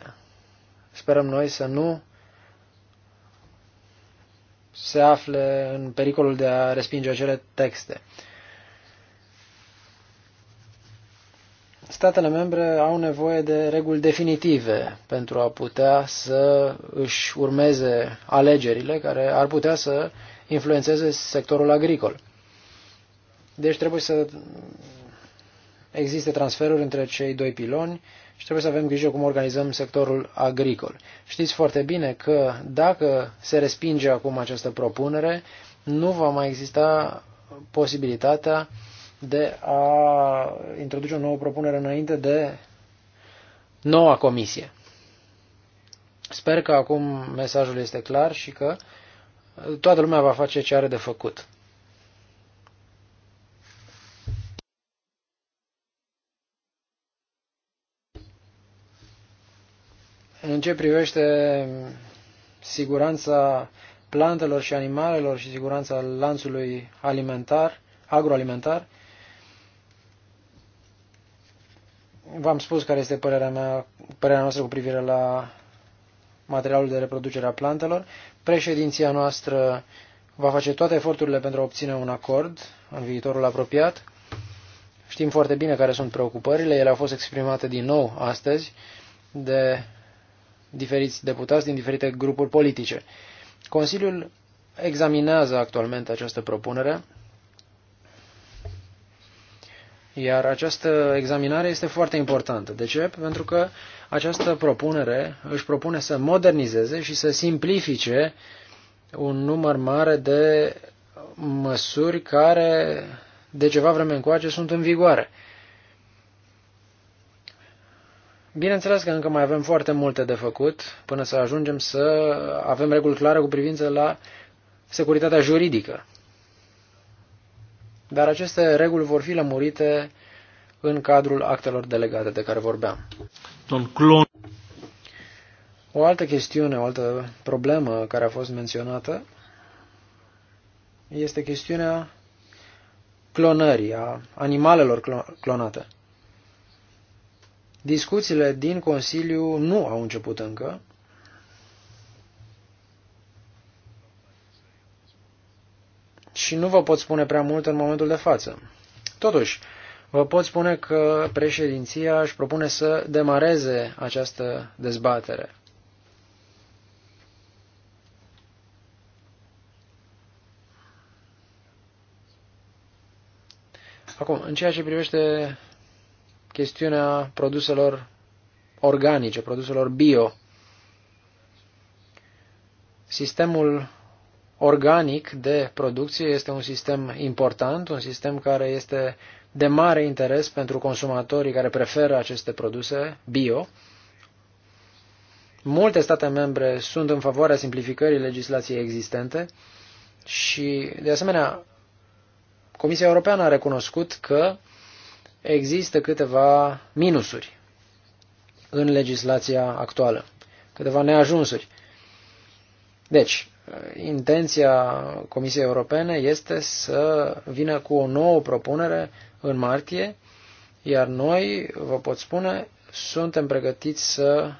sperăm noi să nu se afle în pericolul de a respinge acele texte. Statele membre au nevoie de reguli definitive pentru a putea să își urmeze alegerile care ar putea să influențeze sectorul agricol. Deci trebuie să existe transferuri între cei doi piloni și trebuie să avem grijă cum organizăm sectorul agricol. Știți foarte bine că dacă se respinge acum această propunere, nu va mai exista posibilitatea de a introduce o nouă propunere înainte de noua comisie. Sper că acum mesajul este clar și că toată lumea va face ce are de făcut. În ce privește siguranța plantelor și animalelor și siguranța lanțului alimentar, agroalimentar, v-am spus care este părerea, mea, părerea noastră cu privire la materialul de reproducere a plantelor. Președinția noastră va face toate eforturile pentru a obține un acord în viitorul apropiat. Știm foarte bine care sunt preocupările, ele au fost exprimate din nou astăzi de diferiți deputați din diferite grupuri politice. Consiliul examinează actualmente această propunere, iar această examinare este foarte importantă. De ce? Pentru că această propunere își propune să modernizeze și să simplifice un număr mare de măsuri care de ceva vreme încoace sunt în vigoare. Bineînțeles că încă mai avem foarte multe de făcut până să ajungem să avem reguli clare cu privință la securitatea juridică. Dar aceste reguli vor fi lămurite în cadrul actelor delegate de care vorbeam. O altă chestiune, o altă problemă care a fost menționată este chestiunea clonării, a animalelor clonate. Discuțiile din Consiliu nu au început încă. Și nu vă pot spune prea mult în momentul de față. Totuși, vă pot spune că președinția își propune să demareze această dezbatere. Acum, în ceea ce privește chestiunea produselor organice, produselor bio. Sistemul organic de producție este un sistem important, un sistem care este de mare interes pentru consumatorii care preferă aceste produse bio. Multe state membre sunt în favoarea simplificării legislației existente și, de asemenea, Comisia Europeană a recunoscut că există câteva minusuri în legislația actuală, câteva neajunsuri. Deci, intenția Comisiei Europene este să vină cu o nouă propunere în martie, iar noi, vă pot spune, suntem pregătiți să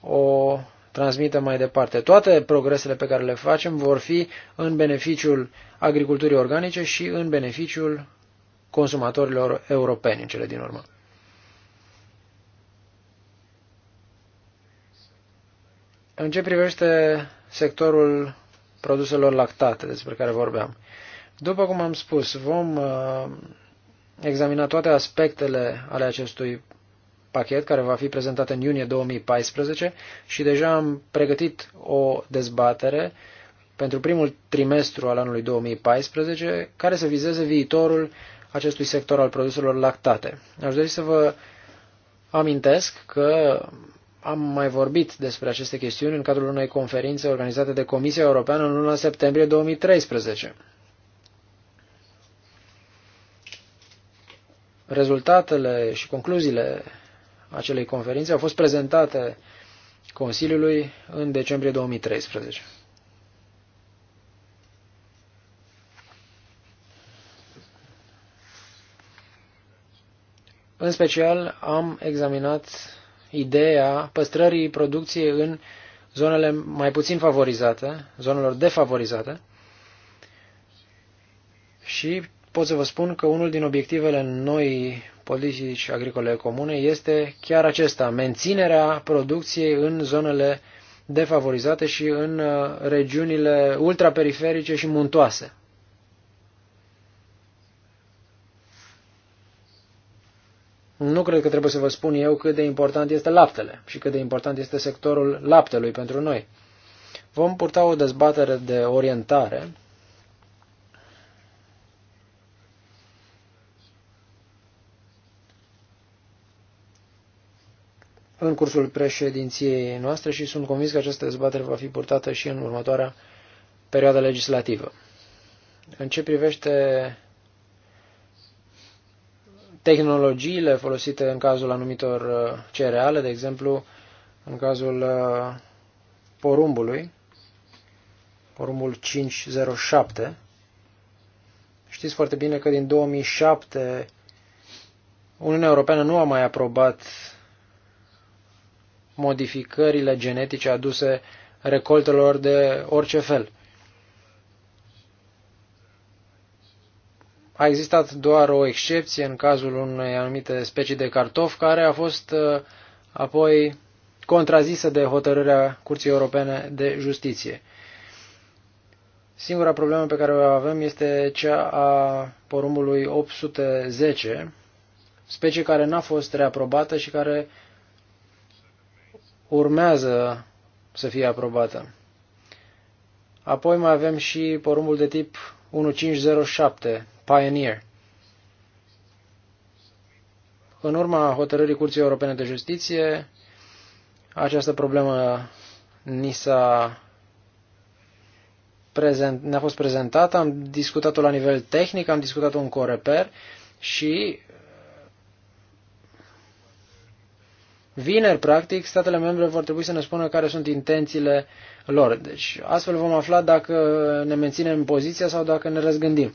o transmitem mai departe. Toate progresele pe care le facem vor fi în beneficiul agriculturii organice și în beneficiul consumatorilor europeni în cele din urmă. În ce privește sectorul produselor lactate despre care vorbeam, după cum am spus, vom uh, examina toate aspectele ale acestui pachet care va fi prezentat în iunie 2014 și deja am pregătit o dezbatere pentru primul trimestru al anului 2014 care să vizeze viitorul acestui sector al produselor lactate. Aș dori să vă amintesc că am mai vorbit despre aceste chestiuni în cadrul unei conferințe organizate de Comisia Europeană în luna septembrie 2013. Rezultatele și concluziile acelei conferințe au fost prezentate Consiliului în decembrie 2013. În special am examinat ideea păstrării producției în zonele mai puțin favorizate, zonelor defavorizate. Și pot să vă spun că unul din obiectivele noi politici agricole comune este chiar acesta, menținerea producției în zonele defavorizate și în uh, regiunile ultraperiferice și muntoase. Nu cred că trebuie să vă spun eu cât de important este laptele și cât de important este sectorul laptelui pentru noi. Vom purta o dezbatere de orientare în cursul președinției noastre și sunt convins că această dezbatere va fi purtată și în următoarea perioadă legislativă. În ce privește tehnologiile folosite în cazul anumitor uh, cereale, de exemplu, în cazul uh, porumbului, porumbul 507. Știți foarte bine că din 2007 Uniunea Europeană nu a mai aprobat modificările genetice aduse recoltelor de orice fel. a existat doar o excepție în cazul unei anumite specii de cartof care a fost uh, apoi contrazisă de hotărârea Curții Europene de Justiție. Singura problemă pe care o avem este cea a porumbului 810, specie care n-a fost reaprobată și care urmează să fie aprobată. Apoi mai avem și porumbul de tip 1507, Pioneer. În urma hotărârii Curții Europene de Justiție, această problemă ni s-a prezent, ne-a fost prezentată, am discutat-o la nivel tehnic, am discutat-o în coreper și vineri, practic, statele membre vor trebui să ne spună care sunt intențiile lor. Deci, astfel vom afla dacă ne menținem poziția sau dacă ne răzgândim.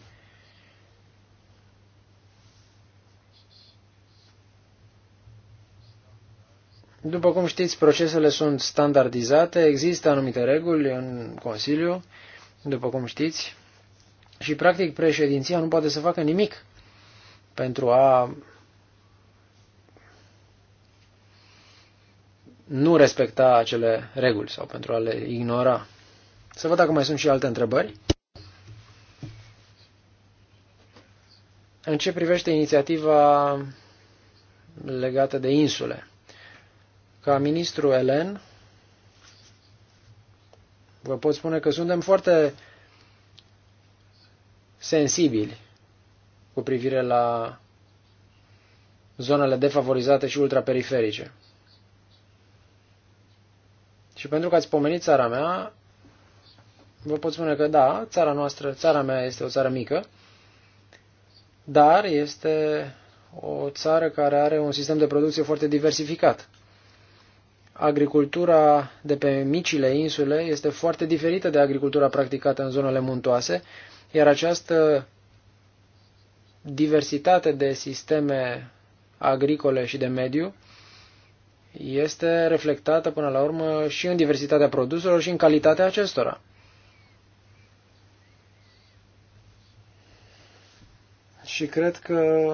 După cum știți, procesele sunt standardizate, există anumite reguli în Consiliu, după cum știți, și practic președinția nu poate să facă nimic pentru a nu respecta acele reguli sau pentru a le ignora. Să văd dacă mai sunt și alte întrebări. În ce privește inițiativa legată de insule? Ca ministru elen, vă pot spune că suntem foarte sensibili cu privire la zonele defavorizate și ultraperiferice. Și pentru că ați pomenit țara mea, vă pot spune că da, țara noastră, țara mea este o țară mică, dar este o țară care are un sistem de producție foarte diversificat agricultura de pe micile insule este foarte diferită de agricultura practicată în zonele muntoase, iar această diversitate de sisteme agricole și de mediu este reflectată până la urmă și în diversitatea produselor și în calitatea acestora. Și cred că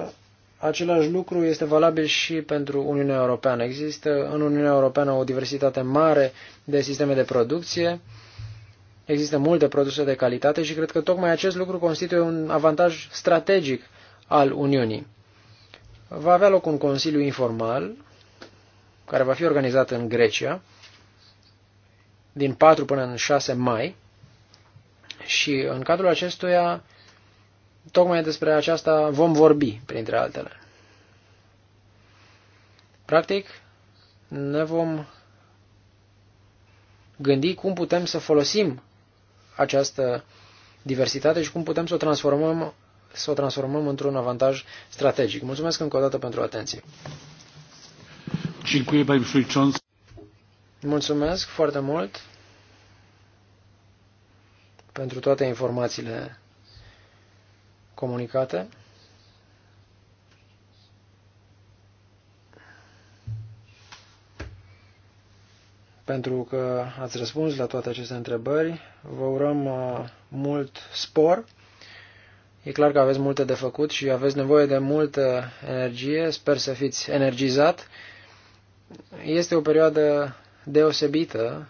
Același lucru este valabil și pentru Uniunea Europeană. Există în Uniunea Europeană o diversitate mare de sisteme de producție, există multe produse de calitate și cred că tocmai acest lucru constituie un avantaj strategic al Uniunii. Va avea loc un consiliu informal care va fi organizat în Grecia din 4 până în 6 mai și în cadrul acestuia Tocmai despre aceasta vom vorbi, printre altele. Practic, ne vom gândi cum putem să folosim această diversitate și cum putem să o transformăm, să o transformăm într-un avantaj strategic. Mulțumesc încă o dată pentru atenție. Mulțumesc foarte mult pentru toate informațiile comunicate. pentru că ați răspuns la toate aceste întrebări. Vă urăm uh, mult spor. E clar că aveți multe de făcut și aveți nevoie de multă energie. Sper să fiți energizat. Este o perioadă deosebită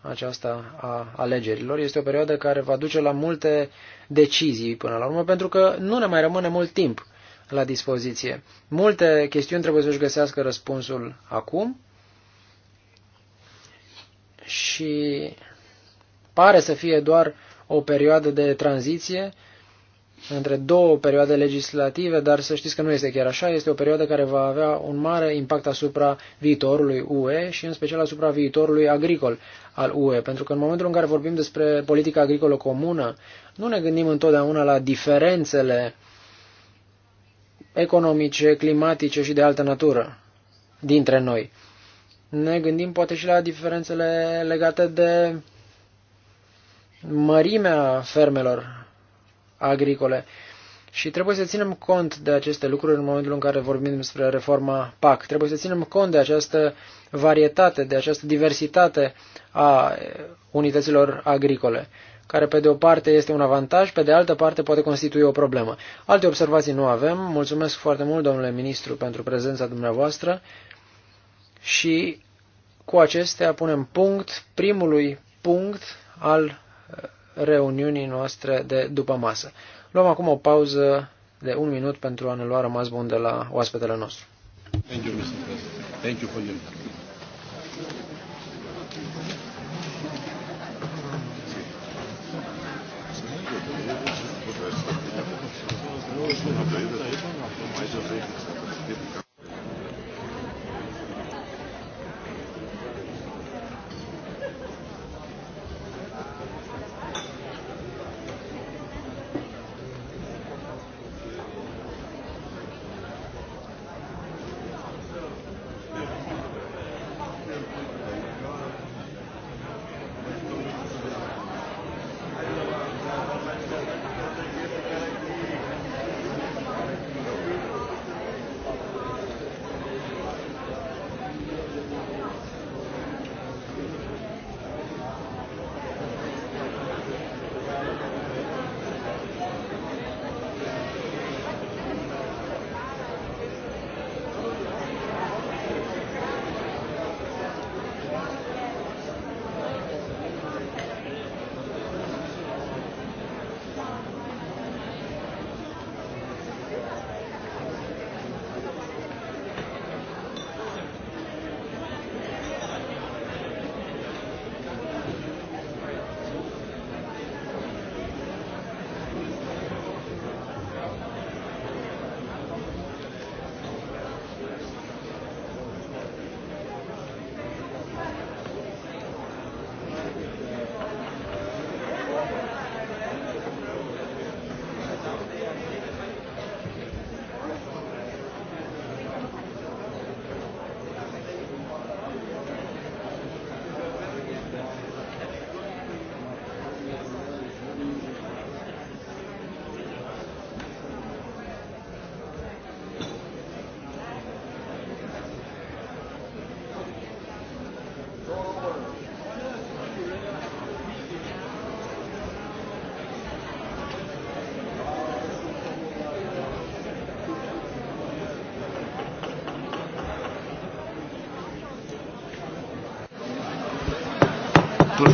aceasta a alegerilor. Este o perioadă care va duce la multe decizii până la urmă, pentru că nu ne mai rămâne mult timp la dispoziție. Multe chestiuni trebuie să-și găsească răspunsul acum și pare să fie doar o perioadă de tranziție între două perioade legislative, dar să știți că nu este chiar așa. Este o perioadă care va avea un mare impact asupra viitorului UE și în special asupra viitorului agricol al UE. Pentru că în momentul în care vorbim despre politica agricolă comună, nu ne gândim întotdeauna la diferențele economice, climatice și de altă natură dintre noi. Ne gândim poate și la diferențele legate de mărimea fermelor agricole. Și trebuie să ținem cont de aceste lucruri în momentul în care vorbim despre reforma PAC. Trebuie să ținem cont de această varietate, de această diversitate a unităților agricole, care pe de o parte este un avantaj, pe de altă parte poate constitui o problemă. Alte observații nu avem. Mulțumesc foarte mult, domnule ministru, pentru prezența dumneavoastră și cu acestea punem punct primului punct al reuniunii noastre de după masă. Luăm acum o pauză de un minut pentru a ne lua rămas bun de la oaspetele nostru. Thank you, Mr. President. Thank you for your time.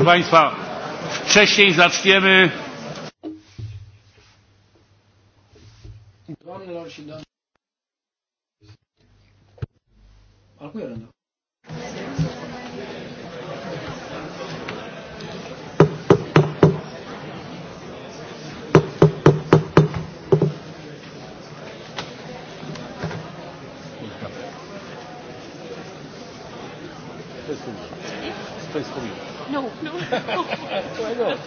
Państwa, wcześniej zaczniemy. Doamnelor și No, no. I know. That's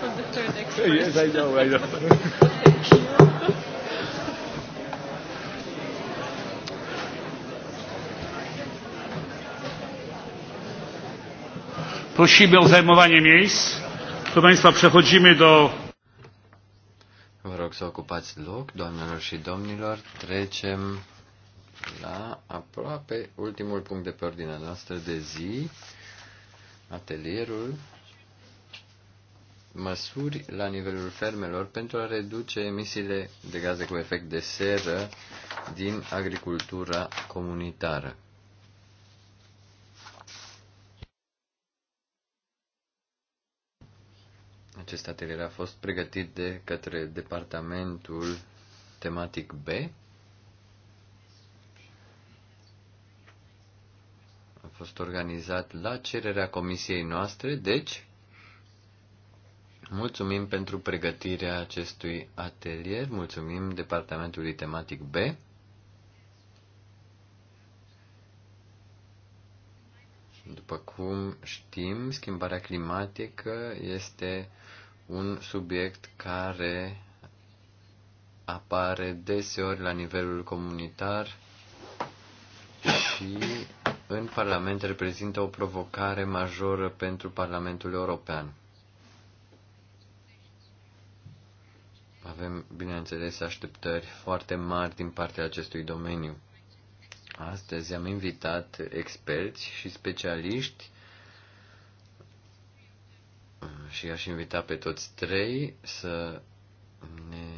from the third expert. Yes, I know, I know. Thank you. Prosimy o zajmowanie miejsc. Proszę Państwa, przechodzimy do... Vă rog să ocupați loc, doamnelor și domnilor. Trecem la aproape ultimul punct de pe ordinea noastră de zi atelierul măsuri la nivelul fermelor pentru a reduce emisiile de gaze cu efect de seră din agricultura comunitară. Acest atelier a fost pregătit de către departamentul tematic B fost organizat la cererea comisiei noastre, deci mulțumim pentru pregătirea acestui atelier, mulțumim departamentului tematic B. După cum știm, schimbarea climatică este un subiect care apare deseori la nivelul comunitar, și în Parlament reprezintă o provocare majoră pentru Parlamentul European. Avem, bineînțeles, așteptări foarte mari din partea acestui domeniu. Astăzi am invitat experți și specialiști și aș invita pe toți trei să ne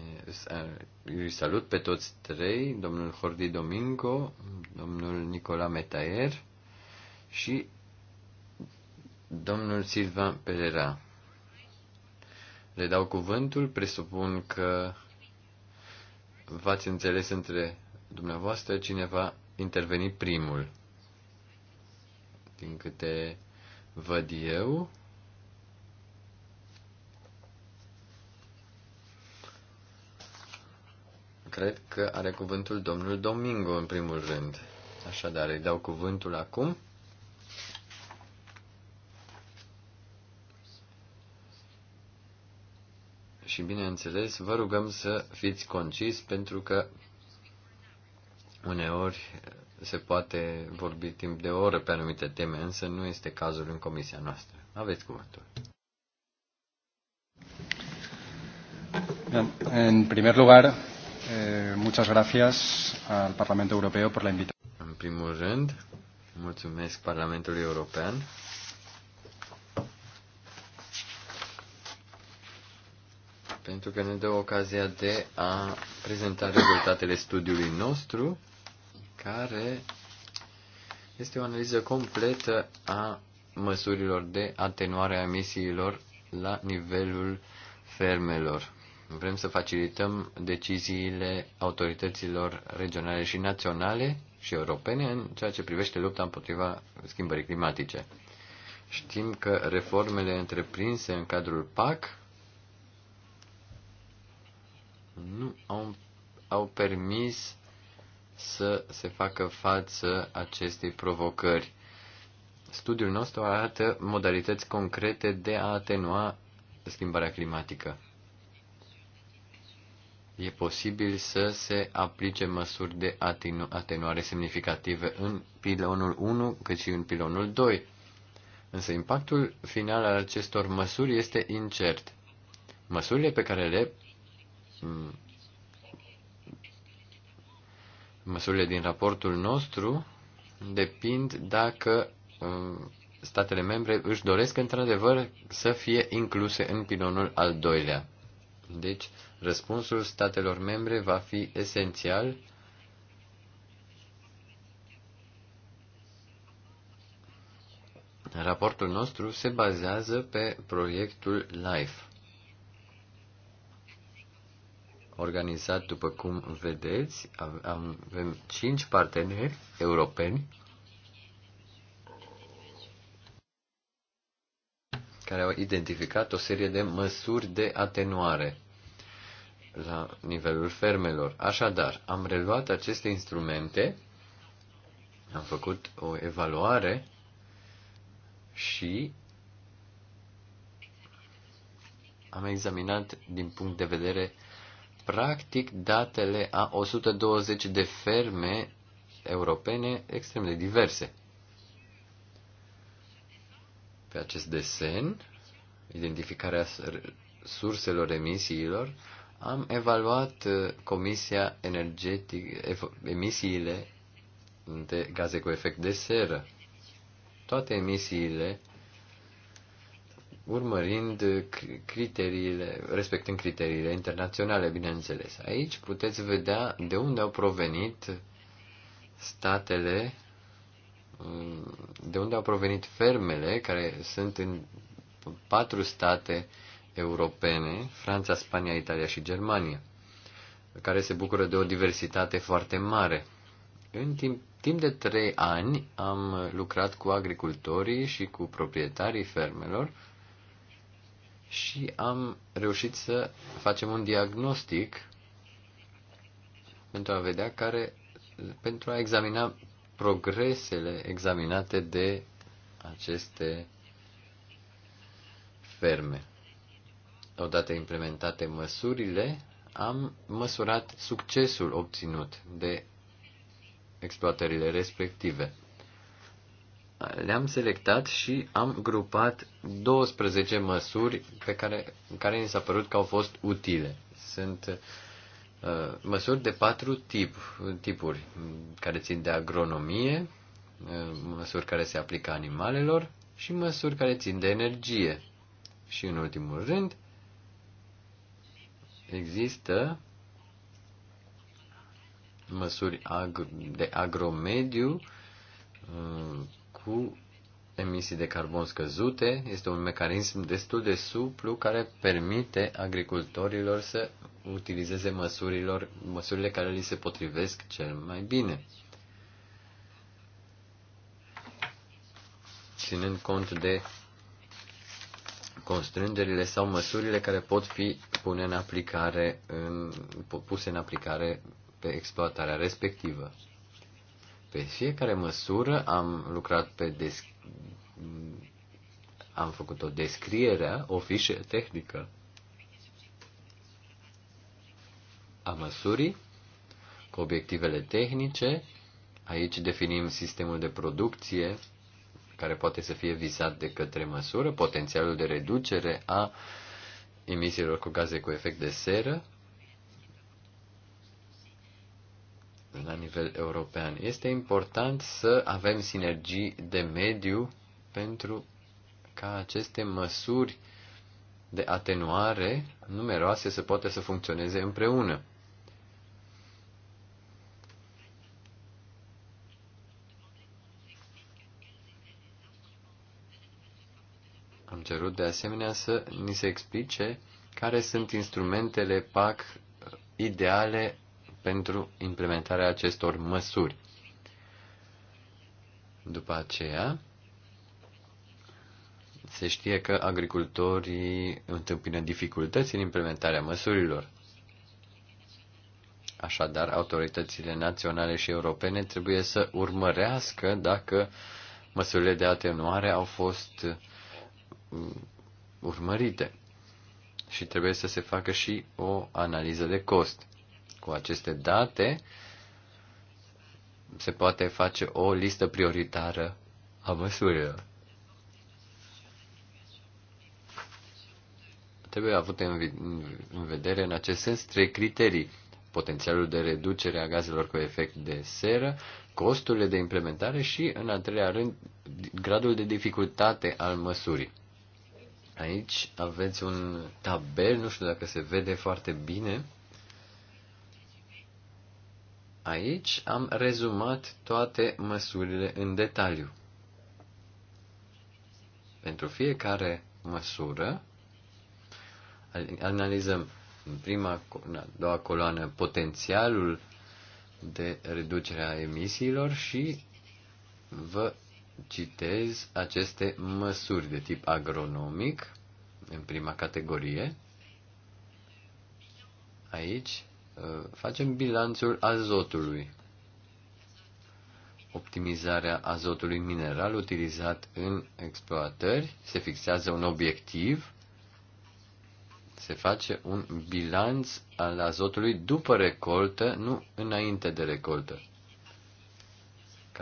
îi salut pe toți trei, domnul Jordi Domingo, domnul Nicola Metaer și domnul Silvan Pereira. Le dau cuvântul, presupun că v-ați înțeles între dumneavoastră cine va interveni primul. Din câte văd eu, cred că are cuvântul domnul Domingo în primul rând. Așadar, îi dau cuvântul acum. Și bineînțeles, vă rugăm să fiți concis pentru că uneori se poate vorbi timp de oră pe anumite teme, însă nu este cazul în comisia noastră. Aveți cuvântul. În primer lugar, Eh, muchas gracias al Parlamento Europeo por la invitación. În primul rând, mulțumesc Parlamentului European pentru că ne dă ocazia de a prezenta rezultatele studiului nostru, care este o analiză completă a măsurilor de atenuare a emisiilor la nivelul fermelor. Vrem să facilităm deciziile autorităților regionale și naționale și europene în ceea ce privește lupta împotriva schimbării climatice. Știm că reformele întreprinse în cadrul PAC nu au, au permis să se facă față acestei provocări. Studiul nostru arată modalități concrete de a atenua schimbarea climatică e posibil să se aplice măsuri de atenu- atenuare semnificative în pilonul 1 cât și în pilonul 2. Însă impactul final al acestor măsuri este incert. Măsurile pe care le măsurile din raportul nostru depind dacă statele membre își doresc într-adevăr să fie incluse în pilonul al doilea. Deci, Răspunsul statelor membre va fi esențial Raportul nostru se bazează pe proiectul LIFE, organizat după cum vedeți. Avem cinci parteneri europeni care au identificat o serie de măsuri de atenuare la nivelul fermelor. Așadar, am reluat aceste instrumente, am făcut o evaluare și am examinat din punct de vedere practic datele a 120 de ferme europene extrem de diverse. Pe acest desen, identificarea surselor emisiilor am evaluat uh, Comisia Energetic, emisiile de gaze cu efect de seră. Toate emisiile urmărind uh, criteriile, respectând criteriile internaționale, bineînțeles. Aici puteți vedea de unde au provenit statele, mm, de unde au provenit fermele care sunt în patru state uh, europene, Franța, Spania, Italia și Germania, care se bucură de o diversitate foarte mare. În timp, timp de trei ani am lucrat cu agricultorii și cu proprietarii fermelor și am reușit să facem un diagnostic pentru a vedea care, pentru a examina progresele examinate de aceste ferme odată implementate măsurile, am măsurat succesul obținut de exploatările respective. Le-am selectat și am grupat 12 măsuri pe care, care ni s-a părut că au fost utile. Sunt uh, măsuri de patru tip, tipuri care țin de agronomie, uh, măsuri care se aplică animalelor și măsuri care țin de energie. Și în ultimul rând, Există măsuri de agromediu uh, cu emisii de carbon scăzute. Este un mecanism destul de suplu care permite agricultorilor să utilizeze măsurilor, măsurile care li se potrivesc cel mai bine. Ținând cont de constrângerile sau măsurile care pot fi pune în aplicare în, puse în aplicare pe exploatarea respectivă. Pe fiecare măsură am lucrat pe des, am făcut o descriere, o fișă tehnică a măsurii cu obiectivele tehnice. Aici definim sistemul de producție, care poate să fie vizat de către măsură, potențialul de reducere a emisiilor cu gaze cu efect de seră la nivel european. Este important să avem sinergii de mediu pentru ca aceste măsuri de atenuare numeroase să poată să funcționeze împreună. cerut de asemenea să ni se explice care sunt instrumentele PAC ideale pentru implementarea acestor măsuri. După aceea, se știe că agricultorii întâmpină dificultăți în implementarea măsurilor. Așadar, autoritățile naționale și europene trebuie să urmărească dacă măsurile de atenuare au fost Uh, urmărite și trebuie să se facă și o analiză de cost. Cu aceste date se poate face o listă prioritară a măsurilor. Trebuie avut în vedere în acest sens trei criterii. Potențialul de reducere a gazelor cu efect de seră, costurile de implementare și, în al treilea rând, gradul de dificultate al măsurii. Aici aveți un tabel, nu știu dacă se vede foarte bine. Aici am rezumat toate măsurile în detaliu. Pentru fiecare măsură analizăm în prima, în a doua coloană potențialul de reducere a emisiilor și vă citez aceste măsuri de tip agronomic în prima categorie. Aici uh, facem bilanțul azotului, optimizarea azotului mineral utilizat în exploatări, se fixează un obiectiv, se face un bilanț al azotului după recoltă, nu înainte de recoltă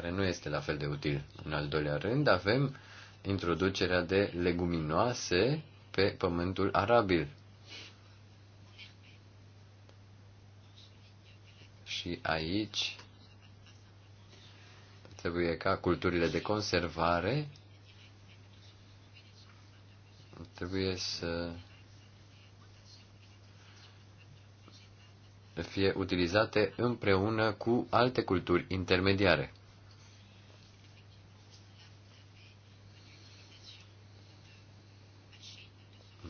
care nu este la fel de util. În al doilea rând, avem introducerea de leguminoase pe pământul arabil. Și aici trebuie ca culturile de conservare trebuie să fie utilizate împreună cu alte culturi intermediare.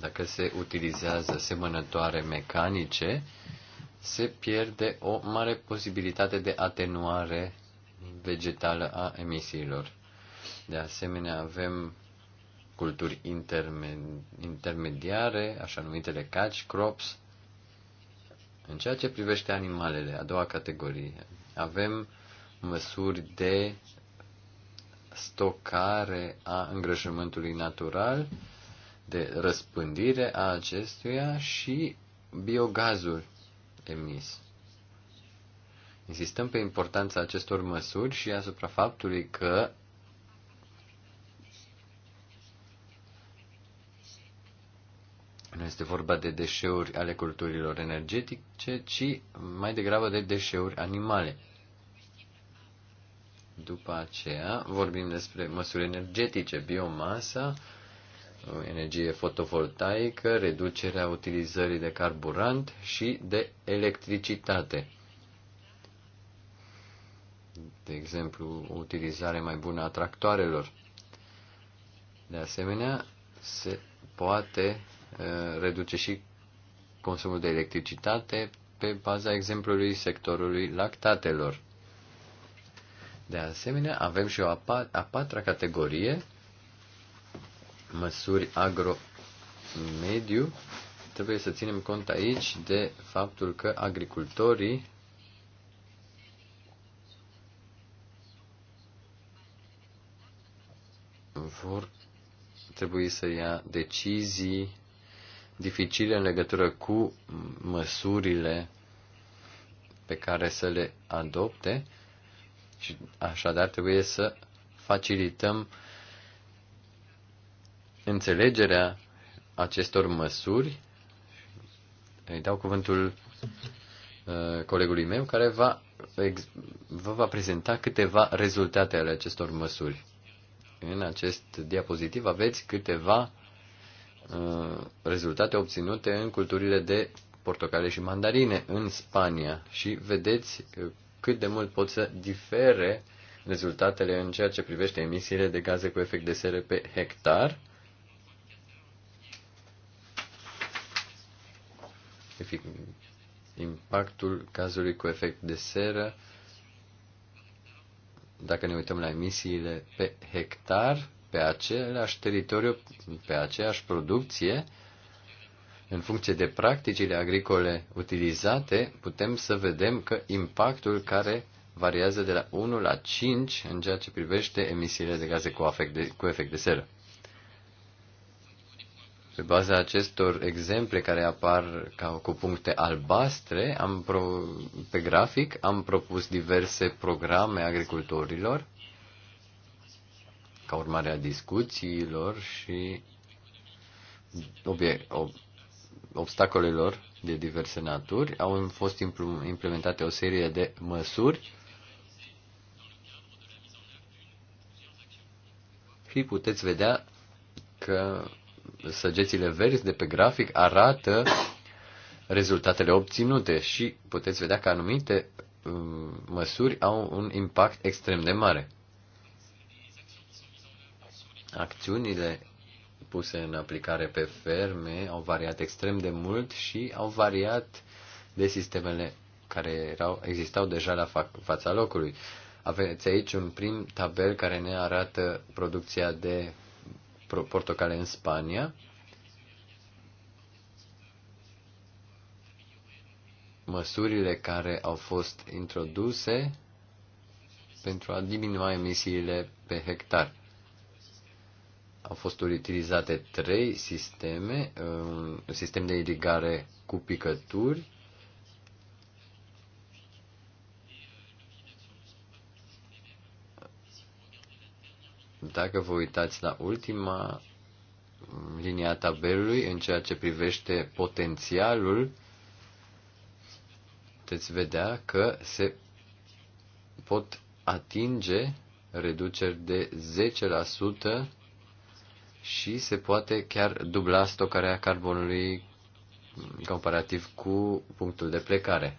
Dacă se utilizează semănătoare mecanice, se pierde o mare posibilitate de atenuare vegetală a emisiilor. De asemenea, avem culturi intermediare, așa numitele catch crops. În ceea ce privește animalele, a doua categorie, avem măsuri de stocare a îngrășământului natural de răspândire a acestuia și biogazul emis. Insistăm pe importanța acestor măsuri și asupra faptului că nu este vorba de deșeuri ale culturilor energetice, ci mai degrabă de deșeuri animale. După aceea vorbim despre măsuri energetice, biomasa, energie fotovoltaică, reducerea utilizării de carburant și de electricitate. De exemplu, o utilizare mai bună a tractoarelor. De asemenea, se poate uh, reduce și consumul de electricitate pe baza exemplului sectorului lactatelor. De asemenea, avem și o a patra categorie măsuri agro-mediu, trebuie să ținem cont aici de faptul că agricultorii vor trebui să ia decizii dificile în legătură cu măsurile pe care să le adopte și așadar trebuie să facilităm uh, înțelegerea acestor măsuri, îi dau cuvântul uh, colegului meu care va, vă va prezenta câteva rezultate ale acestor măsuri. În acest diapozitiv aveți câteva uh, rezultate obținute în culturile de portocale și mandarine în Spania și vedeți uh, cât de mult pot să difere rezultatele în ceea ce privește emisiile de gaze cu efect de seră pe hectar impactul cazului cu efect de seră, dacă ne uităm la emisiile pe hectar, pe același teritoriu, pe aceeași producție, în funcție de practicile agricole utilizate, putem să vedem că impactul care variază de la 1 la 5 în ceea ce privește emisiile de gaze cu efect de, cu efect de seră. Pe baza acestor exemple care apar ca cu puncte albastre am pro, pe grafic, am propus diverse programe agricultorilor ca urmare a discuțiilor și obie, ob, obstacolelor de diverse naturi, au fost implementate o serie de măsuri și puteți vedea că săgețile verzi de pe grafic arată rezultatele obținute și puteți vedea că anumite um, măsuri au un impact extrem de mare. Acțiunile puse în aplicare pe ferme au variat extrem de mult și au variat de sistemele care erau, existau deja la fa- fața locului. Aveți aici un prim tabel care ne arată producția de portocale în Spania. Măsurile care au fost introduse pentru a diminua emisiile pe hectar. Au fost utilizate trei sisteme, un sistem de irigare cu picături, Dacă vă uitați la ultima mm, linia tabelului în ceea ce privește potențialul, puteți vedea că se pot atinge reduceri de 10% și se poate chiar dubla stocarea carbonului mm, comparativ cu punctul de plecare.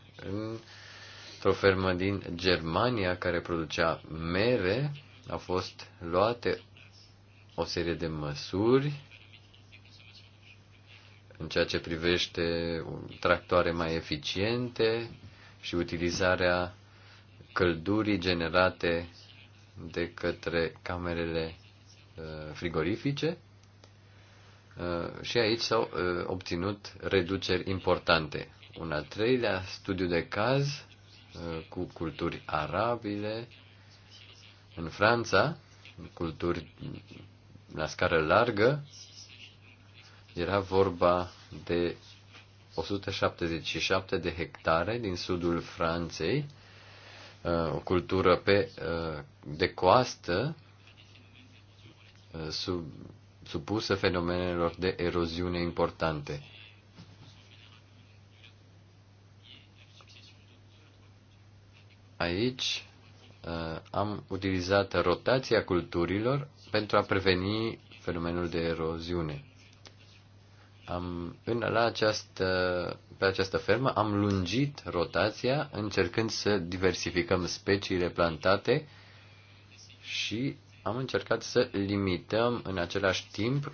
Într-o fermă din Germania care producea mere, au fost luate o serie de măsuri în ceea ce privește tractoare mai eficiente și utilizarea căldurii generate de către camerele uh, frigorifice. Uh, și aici s-au uh, obținut reduceri importante. Un al treilea studiu de caz cu culturi arabile în Franța, culturi la scară largă, era vorba de 177 de hectare din sudul Franței, uh, o cultură pe, uh, de coastă uh, sub, supusă fenomenelor de eroziune importante. Aici Uh, am utilizat rotația culturilor pentru a preveni fenomenul de eroziune. Am, în, la această, pe această fermă am lungit rotația încercând să diversificăm speciile plantate și am încercat să limităm în același timp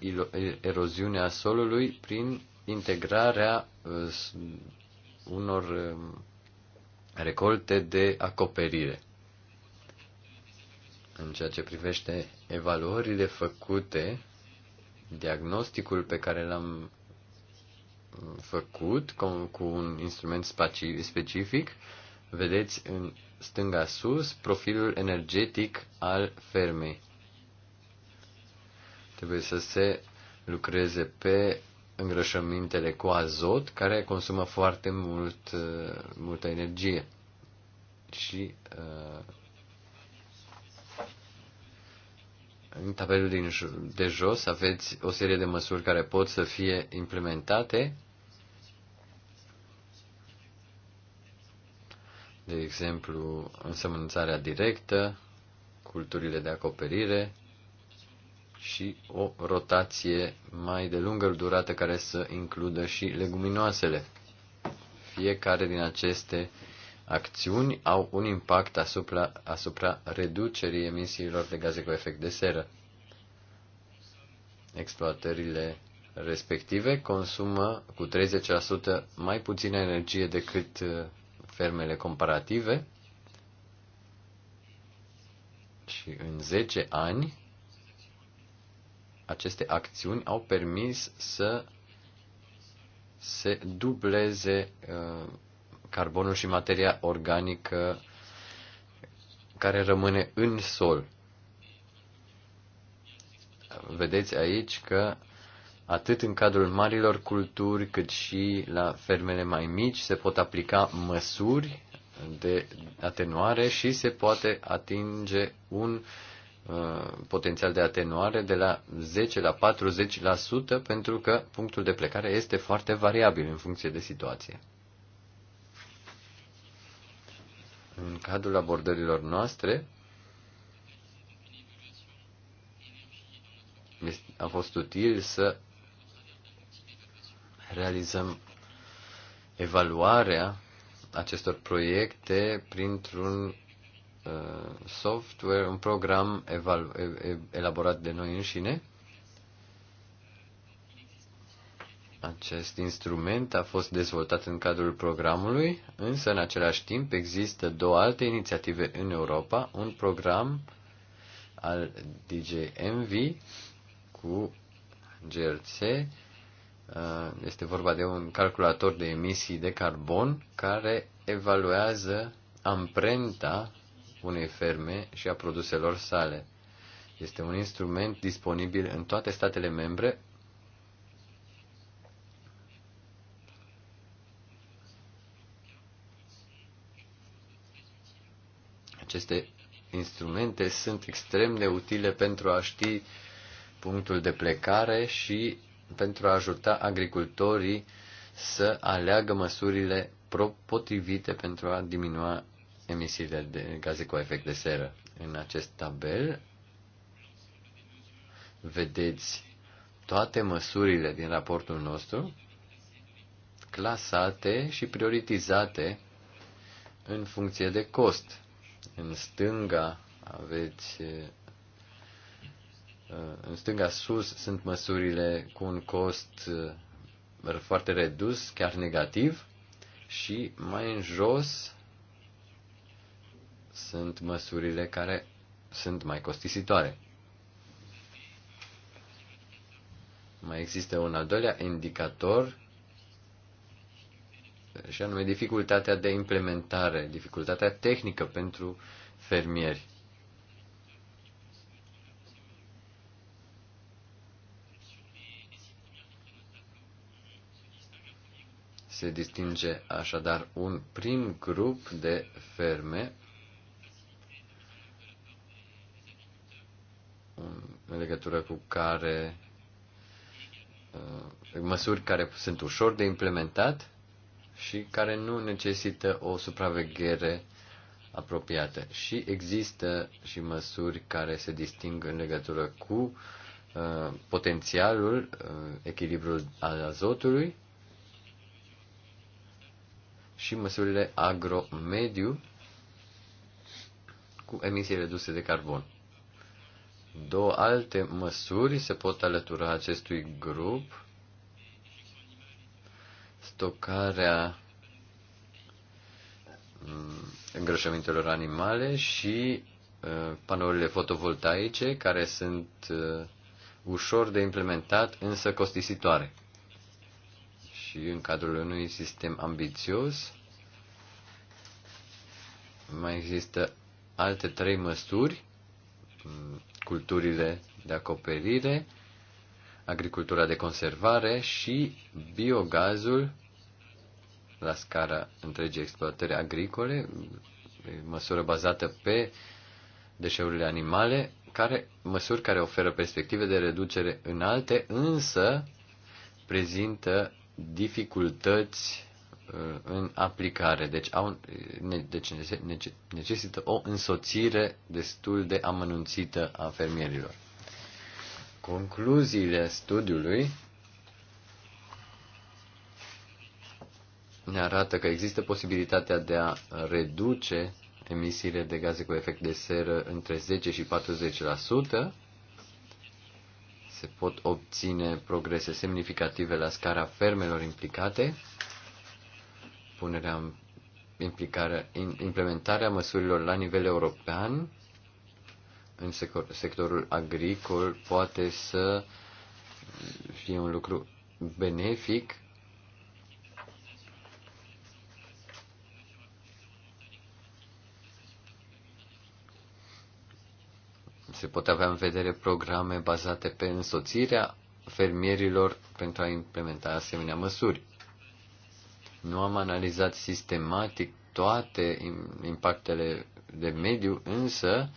eroziunea solului prin integrarea uh, unor um, recolte de acoperire în ceea ce privește evaluările făcute, diagnosticul pe care l-am făcut cu, un instrument specific, vedeți în stânga sus profilul energetic al fermei. Trebuie să se lucreze pe îngrășămintele cu azot, care consumă foarte mult, eh, multă energie. Și uh, În tabelul din, de jos aveți o serie de măsuri care pot să fie implementate. De exemplu, însămânțarea directă, culturile de acoperire și o rotație mai de lungă durată care să includă și leguminoasele. Fiecare din aceste uh, acțiuni au un impact asupra, asupra reducerii emisiilor de gaze cu efect de seră. Exploatările respective consumă cu 30% mai puțină energie decât uh, fermele comparative și în 10 ani aceste acțiuni au permis să se dubleze uh, carbonul și materia organică care rămâne în sol. Vedeți aici că atât în cadrul marilor culturi cât și la fermele mai mici se pot aplica măsuri de atenuare și se poate atinge un uh, potențial de atenuare de la 10 la 40% pentru că punctul de plecare este foarte variabil în funcție de situație. În cadrul abordărilor noastre a fost util să realizăm evaluarea acestor proiecte printr-un uh, software, un program elaborat de noi înșine Acest instrument a fost dezvoltat în cadrul programului, însă în același timp există două alte inițiative în Europa, un program al DJ Envy cu GRC. Uh, este vorba de un calculator de emisii de carbon care evaluează amprenta unei ferme și a produselor sale. Este un instrument disponibil în toate statele membre, Aceste instrumente sunt extrem de utile pentru a ști punctul de plecare și pentru a ajuta agricultorii să aleagă măsurile potrivite pentru a diminua emisiile de gaze cu efect de seră. În acest tabel vedeți toate măsurile din raportul nostru clasate și prioritizate în funcție de cost. În stânga aveți uh, în stânga sus sunt măsurile cu un cost uh, foarte redus, chiar negativ, și mai în jos sunt măsurile care sunt mai costisitoare. Mai există un al doilea indicator și anume dificultatea de implementare, dificultatea tehnică pentru fermieri. Se distinge așadar un prim grup de ferme în legătură cu care uh, măsuri care sunt ușor de implementat și care nu necesită o supraveghere apropiată. Și există și măsuri care se disting în legătură cu uh, potențialul, uh, echilibrul al azotului și măsurile agromediu cu emisii reduse de carbon. Două alte măsuri se pot alătura acestui grup stocarea mm, îngrășămintelor animale și uh, panourile fotovoltaice, care sunt uh, ușor de implementat, însă costisitoare. Și în cadrul unui sistem ambițios, mai există alte trei măsuri, mm, culturile de acoperire, agricultura de conservare și biogazul la scara întregii exploatări agricole, măsură bazată pe deșeurile animale, care, măsuri care oferă perspective de reducere înalte, însă prezintă dificultăți uh, în aplicare. Deci, au, ne, deci necesită o însoțire destul de amănunțită a fermierilor. Concluziile studiului ne arată că există posibilitatea de a reduce emisiile de gaze cu efect de seră între 10 și 40%. Se pot obține progrese semnificative la scara fermelor implicate. Punerea în implicarea, implementarea măsurilor la nivel european în sectorul agricol poate să fie un lucru benefic se pot avea în vedere programe bazate pe însoțirea fermierilor pentru a implementa asemenea măsuri. Nu am analizat sistematic toate impactele de mediu, însă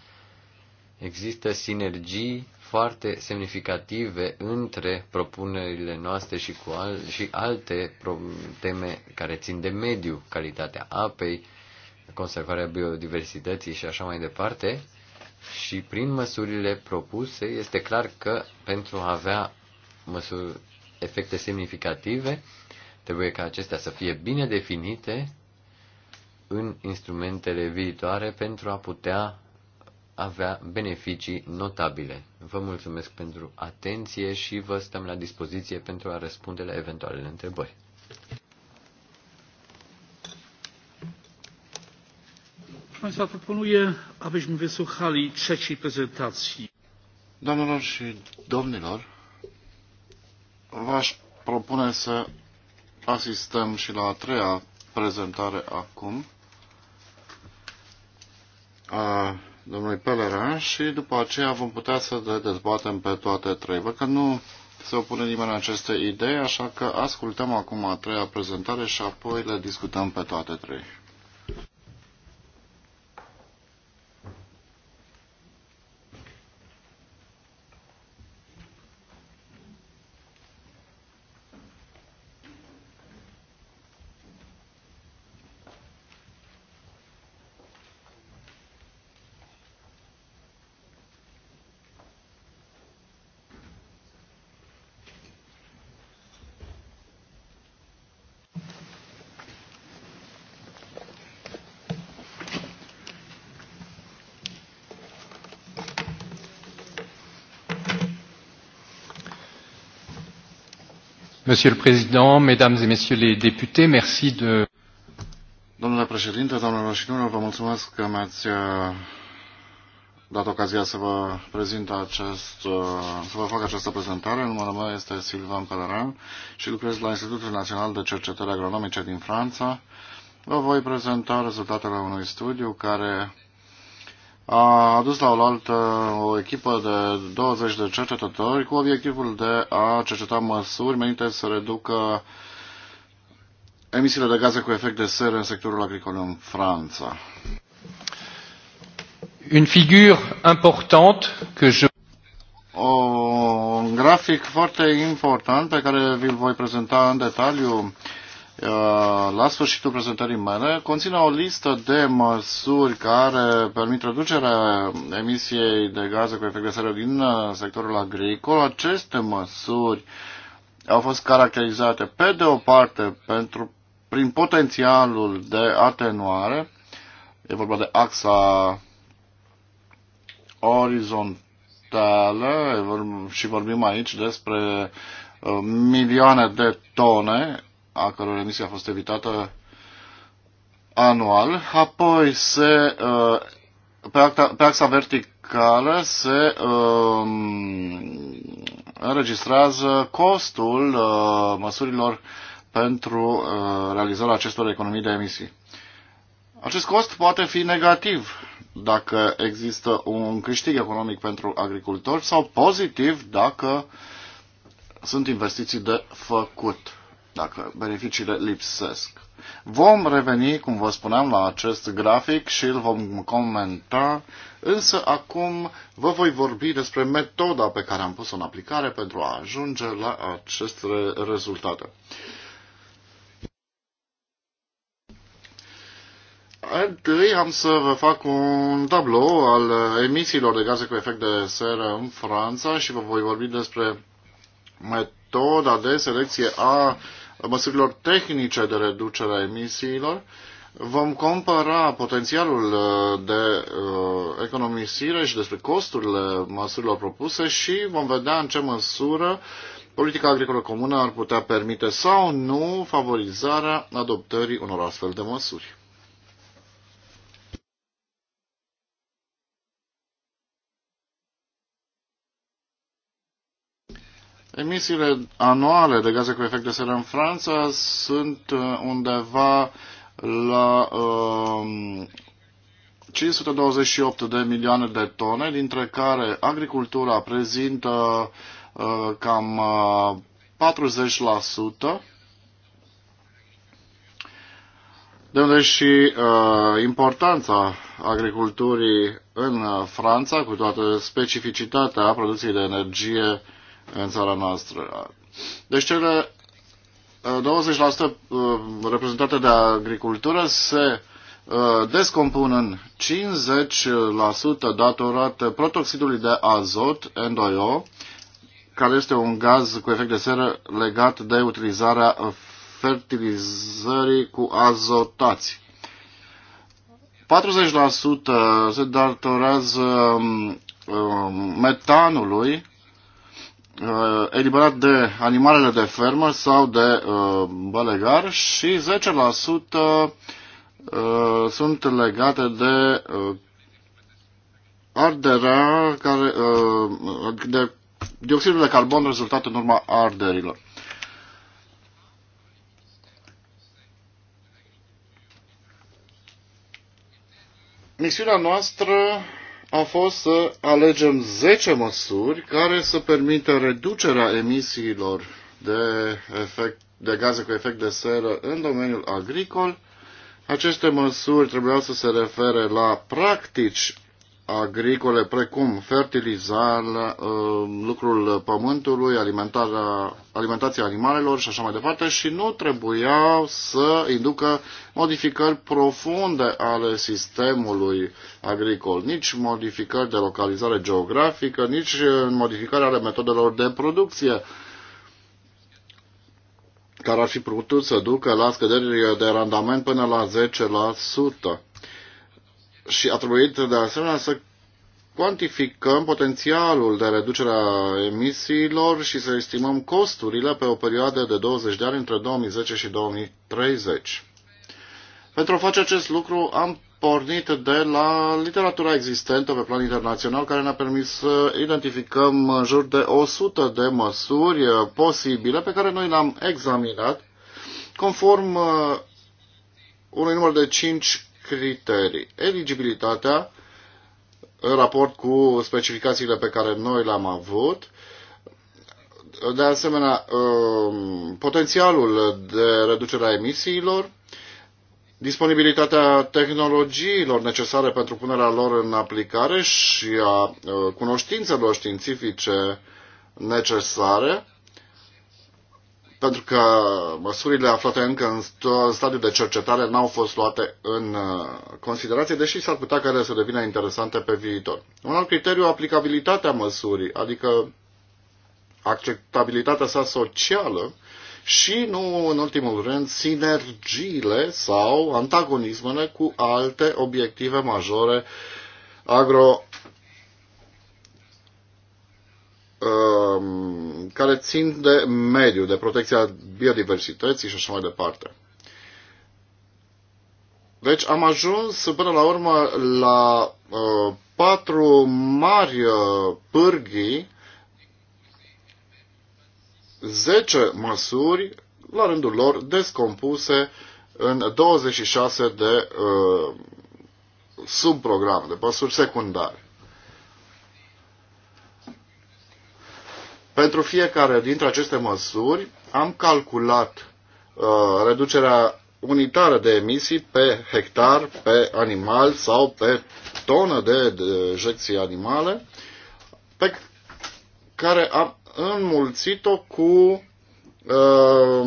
există sinergii foarte semnificative între propunerile noastre și, cu al- și alte teme care țin de mediu, calitatea apei, conservarea biodiversității și așa mai departe, și prin măsurile propuse este clar că pentru a avea măsuri, efecte semnificative, trebuie ca acestea să fie bine definite în instrumentele viitoare pentru a putea avea beneficii notabile. Vă mulțumesc pentru atenție și vă stăm la dispoziție pentru a răspunde la eventualele întrebări. Państwa, proponuję, abyśmy wysłuchali trzeciej prezentacji. Doamnelor și domnilor, v-aș propune să asistăm și la a treia prezentare acum a domnului Pelerin și după aceea vom putea să le dezbatem pe toate trei. Văd că nu se opune nimeni aceste idei, așa că ascultăm acum a treia prezentare și apoi le discutăm pe toate trei. Monsieur le Président, Mesdames et Messieurs les députés, merci de... Domnule președinte, doamnelor și domnilor, vă mulțumesc că mi-ați uh, dat ocazia să vă prezint acest, uh, să vă fac această prezentare. Numele meu este Silvan Pellerin și lucrez la Institutul Național de Cercetări Agronomice din Franța. Vă voi prezenta rezultatele unui studiu care a adus la oaltă o echipă de 20 de cercetători cu obiectivul de a cerceta măsuri menite să reducă emisiile de gaze cu efect de seră în sectorul agricol în Franța. Une figure importante que je un grafic foarte important pe care vi-l voi prezenta în detaliu Uh, la sfârșitul prezentării mele, conține o listă de măsuri care permit reducerea emisiei de gaze cu efect de seră din uh, sectorul agricol. Aceste măsuri au fost caracterizate pe de o parte pentru, prin potențialul de atenuare, e vorba de axa orizontală și vorbim aici despre uh, milioane de tone a căror emisie a fost evitată anual. Apoi se, uh, pe, acta, pe axa verticală se um, înregistrează costul uh, măsurilor pentru uh, realizarea acestor economii de emisii. Acest cost poate fi negativ dacă există un câștig economic pentru agricultori sau pozitiv dacă sunt investiții de făcut dacă beneficiile lipsesc. Vom reveni, cum vă spuneam, la acest grafic și îl vom comenta, însă acum vă voi vorbi despre metoda pe care am pus-o în aplicare pentru a ajunge la aceste rezultate. Întâi am să vă fac un tablou al emisiilor de gaze cu efect de seră în Franța și vă voi vorbi despre metoda de selecție a măsurilor tehnice de reducere a emisiilor, vom compara potențialul uh, de uh, economisire și despre costurile măsurilor propuse și vom vedea în ce măsură politica agricolă comună ar putea permite sau nu favorizarea adoptării unor astfel de măsuri. Emisiile anuale de gaze cu efect de seră în Franța sunt uh, undeva la uh, um, 528 de milioane de tone, dintre care agricultura prezintă uh, cam uh, 40%, de unde și uh, importanța agriculturii în uh, Franța, cu toată specificitatea producției de energie uh, în țara noastră. Deci cele 20% uh, uh, reprezentate de agricultură se uh, descompun în 50% datorată protoxidului de azot, N2O, care este un gaz cu efect de seră legat de utilizarea fertilizării cu azotați. 40% se datorează um, um, metanului Uh, eliberat de animalele de fermă sau de uh, bălegar și 10% uh, sunt legate de arderea care, de dioxidul de carbon rezultat în urma arderilor. Misiunea noastră a fost să alegem 10 măsuri care să permită reducerea emisiilor de, efect, de gaze cu efect de seră în domeniul agricol. Aceste măsuri trebuiau să se refere la practici agricole precum fertilizarea, ă, lucrul pământului, alimentarea, alimentația animalelor și așa mai departe și nu trebuiau să inducă modificări profunde ale sistemului agricol, nici modificări de localizare geografică, nici modificări ale metodelor de producție care ar fi putut să ducă la scăderi de randament până la 10% și a trebuit de asemenea să cuantificăm potențialul de reducere a emisiilor și să estimăm costurile pe o perioadă de 20 de ani între 2010 și 2030. Pentru a face acest lucru am pornit de la literatura existentă pe plan internațional care ne-a permis să identificăm în jur de 100 de măsuri posibile pe care noi le-am examinat conform uh, unui număr de 5 criterii. Eligibilitatea în raport cu specificațiile pe care noi le-am avut, de asemenea, um, potențialul de reducere a emisiilor, disponibilitatea tehnologiilor necesare pentru punerea lor în aplicare și a uh, cunoștințelor științifice necesare, pentru că măsurile aflate încă în stadiul de cercetare n-au fost luate în uh, considerație, deși s-ar putea care ele să devină interesante pe viitor. Un alt criteriu, aplicabilitatea măsurii, adică acceptabilitatea sa socială și, nu în ultimul rând, sinergiile sau antagonismele cu alte obiective majore agro Um, care țin de mediu, de protecția biodiversității și așa mai departe. Deci am ajuns până la urmă la uh, patru mari uh, pârghii, zece măsuri, la rândul lor, descompuse în 26 de uh, subprograme, de măsuri secundare. Pentru fiecare dintre aceste măsuri am calculat uh, reducerea unitară de emisii pe hectar, pe animal sau pe tonă de dejecții animale, pe care am înmulțit-o cu uh,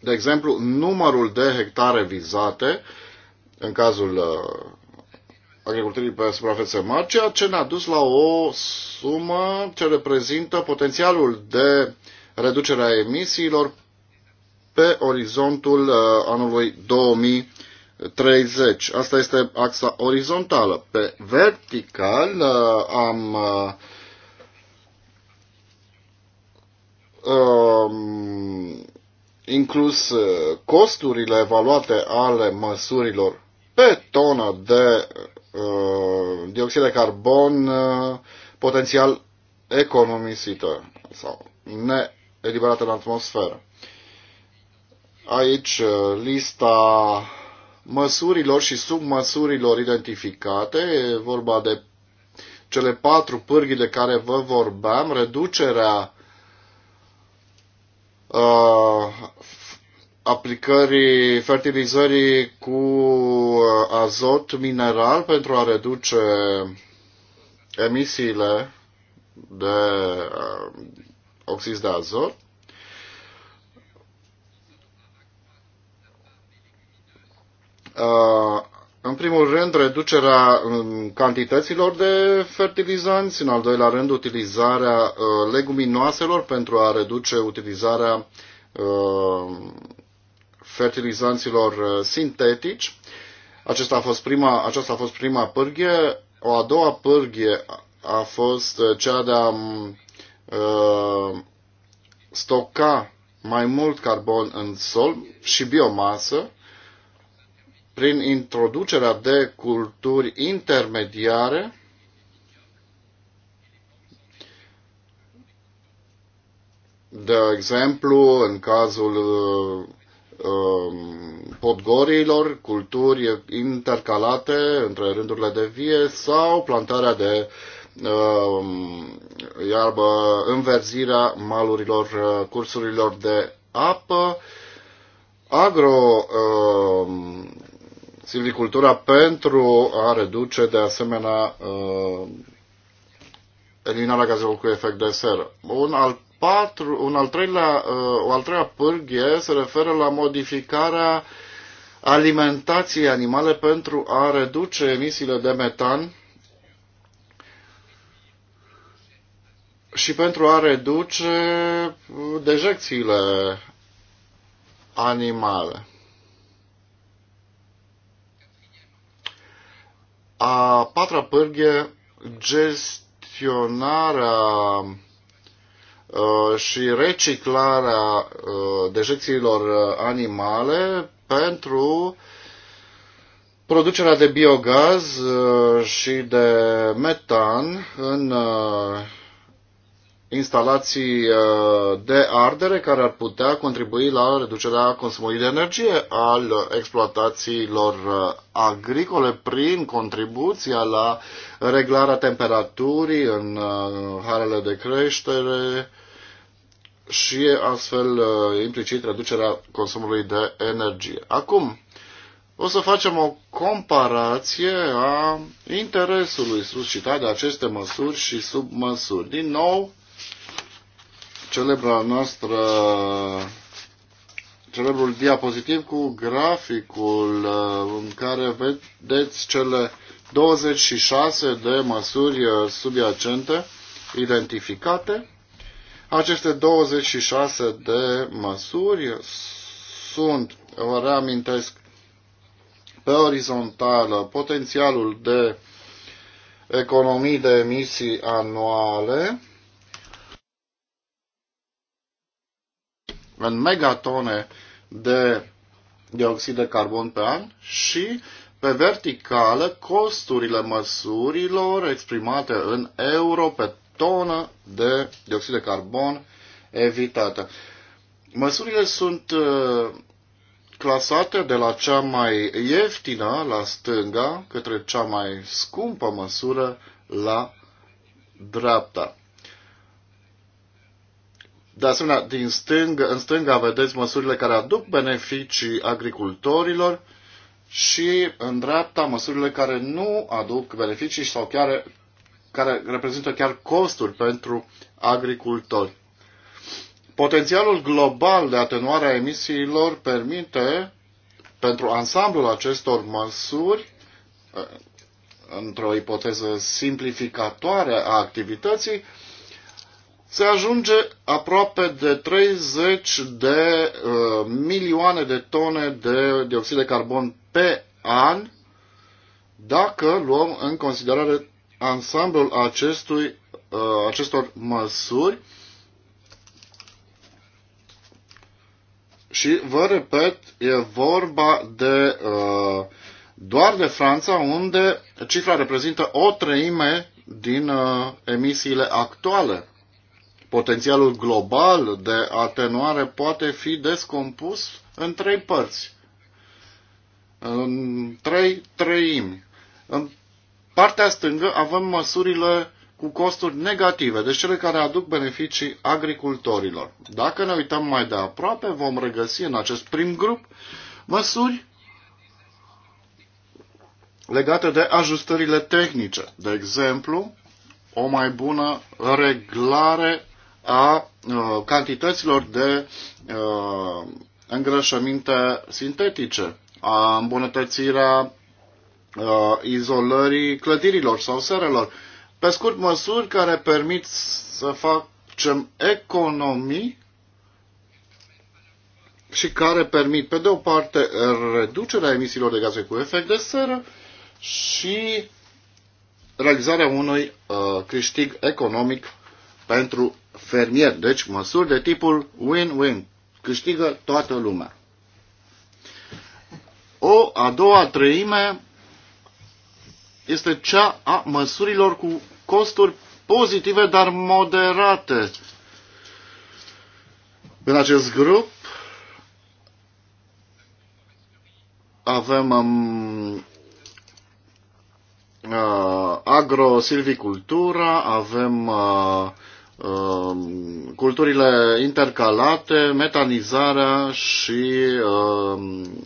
de exemplu, numărul de hectare vizate în cazul uh, agriculturii pe suprafețe mari, ceea ce ne-a dus la o sumă ce reprezintă potențialul de reducere a emisiilor pe orizontul uh, anului 2030. Asta este axa orizontală. Pe vertical uh, am uh, um, inclus costurile evaluate ale măsurilor pe tonă de Uh, dioxid de carbon uh, potențial economisită sau neeliberată în atmosferă. Aici uh, lista măsurilor și submăsurilor identificate, e vorba de cele patru pârghii de care vă vorbeam, reducerea uh, aplicării fertilizării cu uh, azot mineral pentru a reduce emisiile de uh, oxid de azot. Uh, în primul rând, reducerea um, cantităților de fertilizanți, în al doilea rând, utilizarea leguminoaselor pentru a reduce utilizarea fertilizanților uh, sintetici. Aceasta a fost prima, aceasta a fost prima pârghie. O a doua pârghie a fost uh, cea de a um, uh, stoca mai mult carbon în sol și biomasă prin introducerea de culturi intermediare de exemplu, în cazul uh, Um, podgorilor, culturi intercalate între rândurile de vie sau plantarea de um, iarbă, înverzirea malurilor, uh, cursurilor de apă, agro um, silvicultura pentru a reduce de asemenea uh, eliminarea gazelor cu efect de seră. Un alt patru, un al treilea, uh, o al treia pârghie se referă la modificarea alimentației animale pentru a reduce emisiile de metan și pentru a reduce dejecțiile animale. A patra pârghie, gestionarea Uh, și reciclarea uh, dejecțiilor uh, animale pentru producerea de biogaz și de metan în instalații uh, de ardere care ar putea contribui la reducerea consumului de energie al exploatațiilor uh, agricole prin contribuția la reglarea temperaturii în uh, harele de creștere și astfel implicit reducerea consumului de energie. Acum, o să facem o comparație a interesului suscitat de aceste măsuri și submăsuri. Din nou, celebra noastră celebrul diapozitiv cu graficul uh, în care vedeți cele 26 de măsuri uh, subiacente identificate. Aceste 26 de măsuri sunt, vă reamintesc, pe orizontală potențialul de economii de emisii anuale, în megatone de dioxid de carbon pe an și pe verticală costurile măsurilor exprimate în euro pe tonă de dioxid de carbon evitată. Măsurile sunt uh, clasate de la cea mai ieftină la stânga către cea mai scumpă măsură la dreapta. De asemenea, din stâng, în stânga vedeți măsurile care aduc beneficii agricultorilor și în dreapta măsurile care nu aduc beneficii sau chiar care reprezintă chiar costuri pentru agricultori. Potențialul global de atenuare a emisiilor permite pentru ansamblul acestor măsuri într-o ipoteză simplificatoare a activității, se ajunge aproape de 30 de uh, milioane de tone de dioxid de carbon pe an dacă luăm în considerare ansamblul acestui, uh, acestor măsuri și vă repet, e vorba de uh, doar de Franța, unde cifra reprezintă o treime din uh, emisiile actuale Potențialul global de atenuare poate fi descompus în trei părți, în trei treimi. În partea stângă avem măsurile cu costuri negative, deci cele care aduc beneficii agricultorilor. Dacă ne uităm mai de aproape, vom regăsi în acest prim grup măsuri legate de ajustările tehnice, de exemplu, o mai bună reglare a cantităților de îngrășăminte sintetice, a îmbunătățirea izolării clădirilor sau serelor. Pe scurt, măsuri care permit să facem economii și care permit, pe de o parte, reducerea emisiilor de gaze cu efect de seră și realizarea unui uh, câștig economic pentru fermier. Deci măsuri de tipul win-win. Câștigă toată lumea. O a doua treime este cea a măsurilor cu costuri pozitive, dar moderate. În acest grup avem um, uh, agrosilvicultura, avem uh, Um, culturile intercalate, metanizarea și um,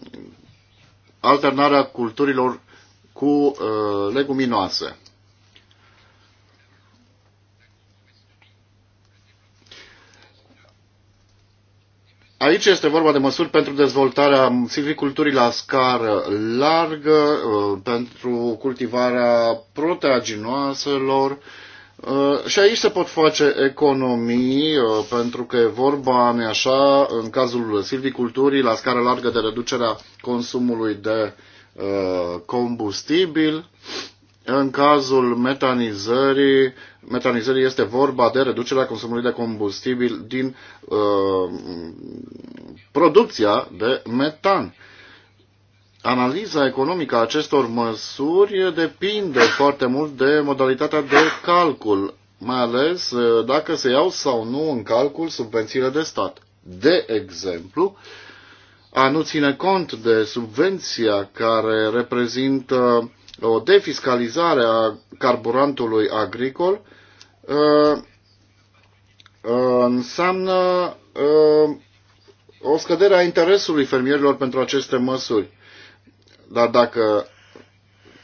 alternarea culturilor cu uh, leguminoase. Aici este vorba de măsuri pentru dezvoltarea silviculturii la scară largă, uh, pentru cultivarea proteaginoaselor, Uh, și aici se pot face economii, uh, pentru că e vorba, nu așa, în cazul silviculturii, la scară largă de reducerea consumului de uh, combustibil. În cazul metanizării, metanizării este vorba de reducerea consumului de combustibil din uh, producția de metan analiza economică a acestor măsuri depinde foarte mult de modalitatea de calcul, mai ales uh, dacă se iau sau nu în calcul subvențiile de stat. De exemplu, a nu ține cont de subvenția care reprezintă o defiscalizare a carburantului agricol uh, uh, înseamnă o scădere a interesului fermierilor pentru aceste măsuri. Dar dacă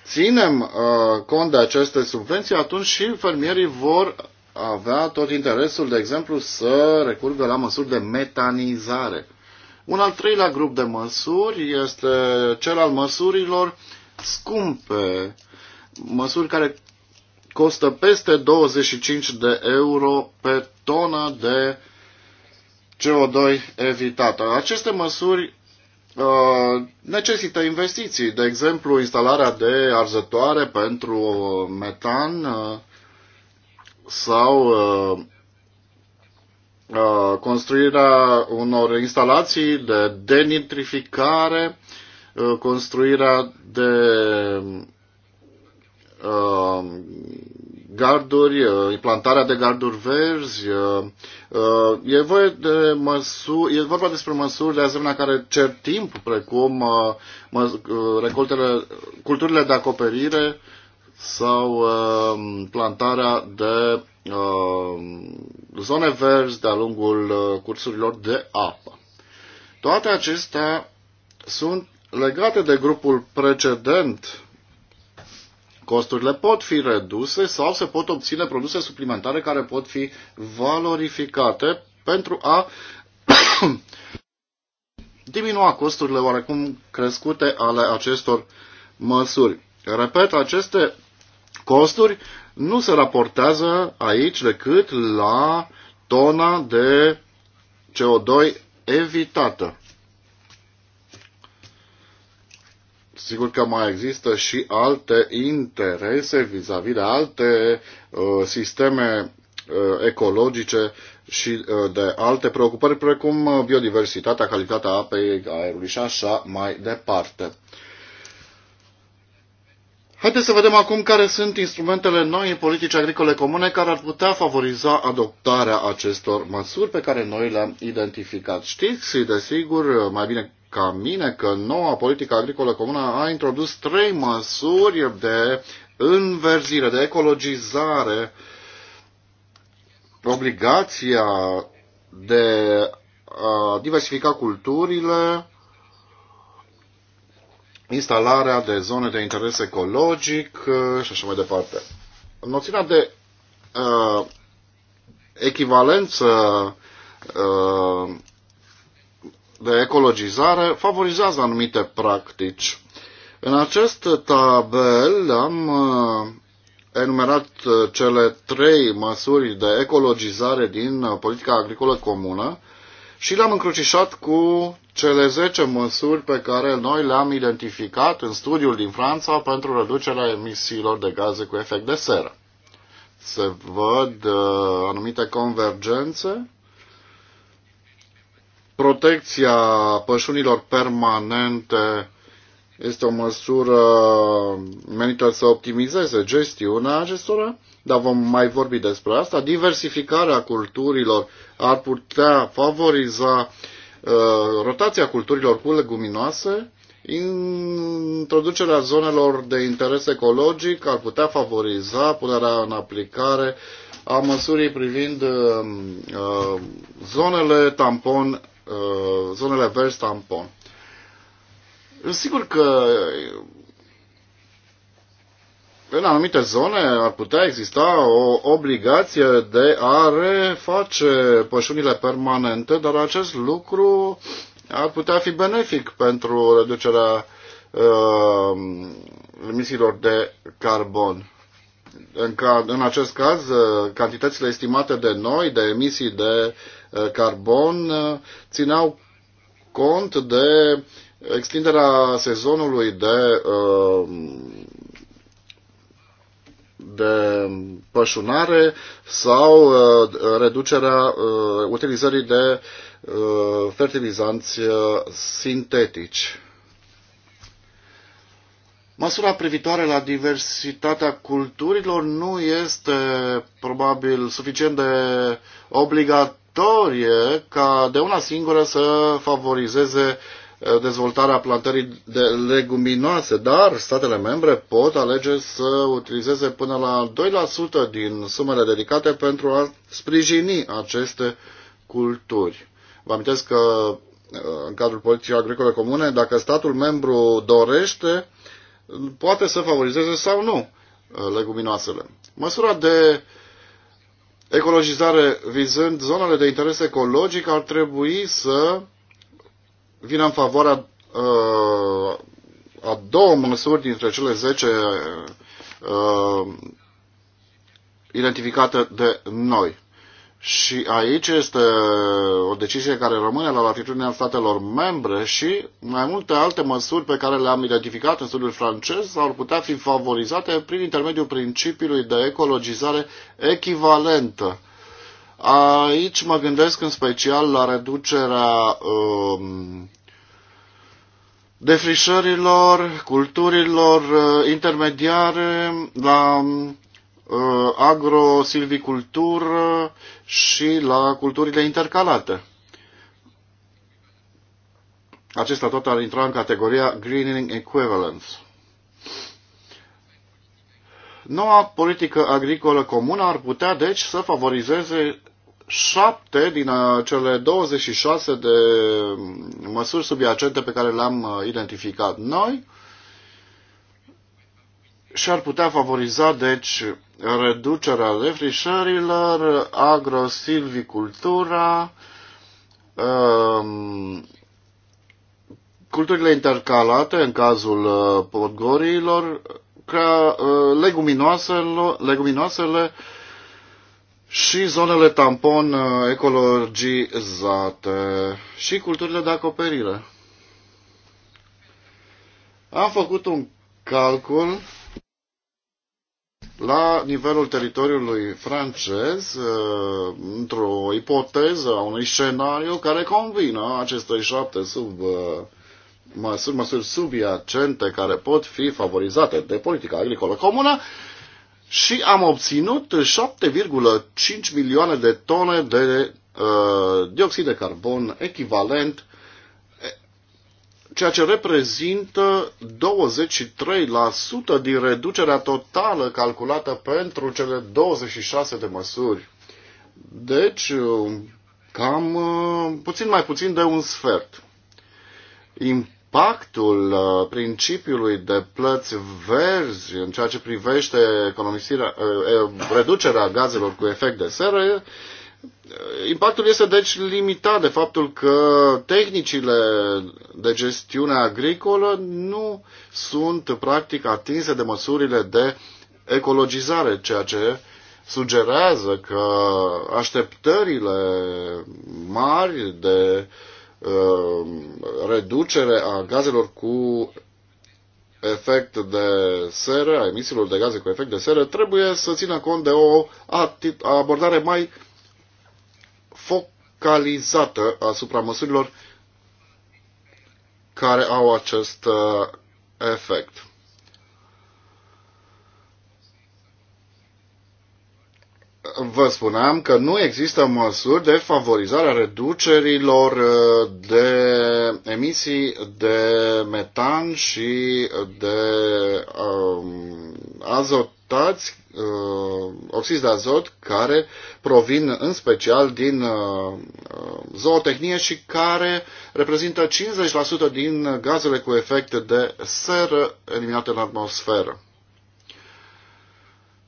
ținem uh, cont de aceste subvenții, atunci și fermierii vor avea tot interesul, de exemplu, să recurgă la măsuri de metanizare. Un al treilea grup de măsuri este cel al măsurilor scumpe, măsuri care costă peste 25 de euro pe tonă de CO2 evitată. Aceste măsuri Uh, necesită investiții, de exemplu instalarea de arzătoare pentru metan uh, sau uh, construirea unor instalații de denitrificare, construirea de garduri, uh, implantarea de garduri verzi. Uh, uh, e, voie de măsuri, e vorba despre măsuri de asemenea care cer timp, precum recoltele, culturile de acoperire sau plantarea de zone verzi de-a lungul cursurilor de apă. Toate acestea sunt legate de grupul precedent Costurile pot fi reduse sau se pot obține produse suplimentare care pot fi valorificate pentru a diminua costurile oarecum crescute ale acestor măsuri. Repet, aceste costuri nu se raportează aici decât la tona de CO2 evitată. Sigur că mai există și alte interese vis-a-vis -vis de alte uh, sisteme uh, ecologice și uh, de alte preocupări, precum uh, biodiversitatea, calitatea apei, aerului și așa mai departe. Haideți să vedem acum care sunt instrumentele noi în politici agricole comune care ar putea favoriza adoptarea acestor măsuri pe care noi le-am identificat. Știți, desigur, mai bine ca mine că noua politică agricolă comună a introdus trei măsuri de înverzire, de ecologizare, obligația de a diversifica culturile, instalarea de zone de interes ecologic uh, și așa mai departe. Noțiunea de uh, echivalență uh, de ecologizare favorizează anumite practici. În acest tabel am uh, enumerat uh, cele trei măsuri de ecologizare din uh, politica agricolă comună și le-am încrucișat cu cele 10 măsuri pe care noi le-am identificat în studiul din Franța pentru reducerea emisiilor de gaze cu efect de seră. Se văd uh, anumite convergențe Protecția pășunilor permanente este o măsură menită să optimizeze gestiunea acestora, dar vom mai vorbi despre asta. Diversificarea culturilor ar putea favoriza uh, rotația culturilor cu leguminoase, introducerea zonelor de interes ecologic ar putea favoriza punerea în aplicare a măsurii privind um, uh, zonele tampon Uh, zonele verzi tampon. Sigur că în anumite zone ar putea exista o obligație de a reface pășunile permanente, dar acest lucru ar putea fi benefic pentru reducerea uh, emisiilor de carbon. În, ca, în acest caz, uh, cantitățile estimate de noi de emisii de Uh, carbon uh, țineau cont de extinderea sezonului de, uh, de pășunare sau reducerea utilizării de fertilizanți sintetici. Măsura privitoare la diversitatea culturilor nu este probabil suficient de obligat victorie ca de una singură să favorizeze eh, dezvoltarea plantării de leguminoase, dar statele membre pot alege să utilizeze până la 2% din sumele dedicate pentru a sprijini aceste culturi. Vă amintesc că eh, în cadrul politicii agricole comune, dacă statul membru dorește, poate să favorizeze sau nu eh, leguminoasele. Măsura de uh, ecologizare vizând zonele de interes ecologic ar trebui să vină în favoarea uh, a două măsuri dintre cele 10 uh, identificate de noi. Și aici este o decizie care rămâne la latitudinea statelor membre și mai multe alte măsuri pe care le-am identificat în studiul francez ar putea fi favorizate prin intermediul principiului de ecologizare echivalentă. Aici mă gândesc în special la reducerea um, defrișărilor, culturilor uh, intermediare, la um, Uh, agrosilvicultură și la culturile intercalate. Acesta tot ar intra în categoria Greening Equivalence. Noua politică agricolă comună ar putea, deci, să favorizeze șapte din uh, cele 26 de mm, măsuri subiacente pe care le-am uh, identificat noi, și ar putea favoriza, deci, reducerea defrișărilor, agrosilvicultura, um, culturile intercalate în cazul uh, podgorilor, ca uh, leguminoasele, leguminoasele și zonele tampon uh, ecologizate și culturile de acoperire. Am făcut un calcul la nivelul teritoriului francez, uh, într-o ipoteză a unui scenariu care convină aceste șapte sub uh, măsuri, măsuri subiacente care pot fi favorizate de politica agricolă comună și am obținut 7,5 milioane de tone de uh, dioxid de carbon echivalent ceea ce reprezintă 23% din reducerea totală calculată pentru cele 26 de măsuri. Deci, um, cam uh, puțin mai puțin de un sfert. Impactul uh, principiului de plăți verzi în ceea ce privește economisirea, uh, reducerea gazelor cu efect de seră Impactul este deci limitat de faptul că tehnicile de gestiune agricolă nu sunt practic atinse de măsurile de ecologizare, ceea ce sugerează că așteptările mari de uh, reducere a gazelor cu efect de seră, a emisiilor de gaze cu efect de seră, trebuie să țină cont de o abordare mai focalizată asupra măsurilor care au acest uh, efect. Vă spuneam că nu există măsuri de favorizare a reducerilor uh, de emisii de metan și de um, azotați Uh, oxizi de azot care provin în special din uh, uh, zootehnie și care reprezintă 50% din gazele cu efect de seră eliminate în atmosferă.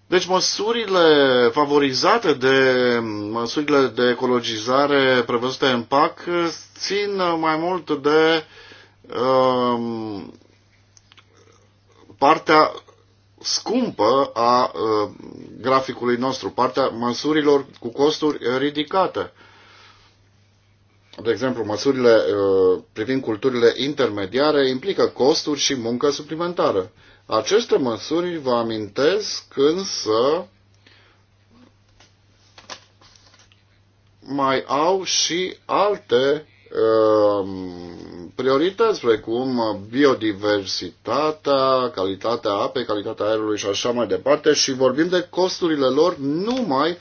Deci măsurile favorizate de măsurile de ecologizare prevăzute în PAC țin mai mult de uh, partea scumpă a uh, graficului nostru, partea măsurilor cu costuri ridicate. De exemplu, măsurile uh, privind culturile intermediare implică costuri și muncă suplimentară. Aceste măsuri, vă amintesc, însă mai au și alte uh, priorități precum biodiversitatea, calitatea apei, calitatea aerului și așa mai departe și vorbim de costurile lor numai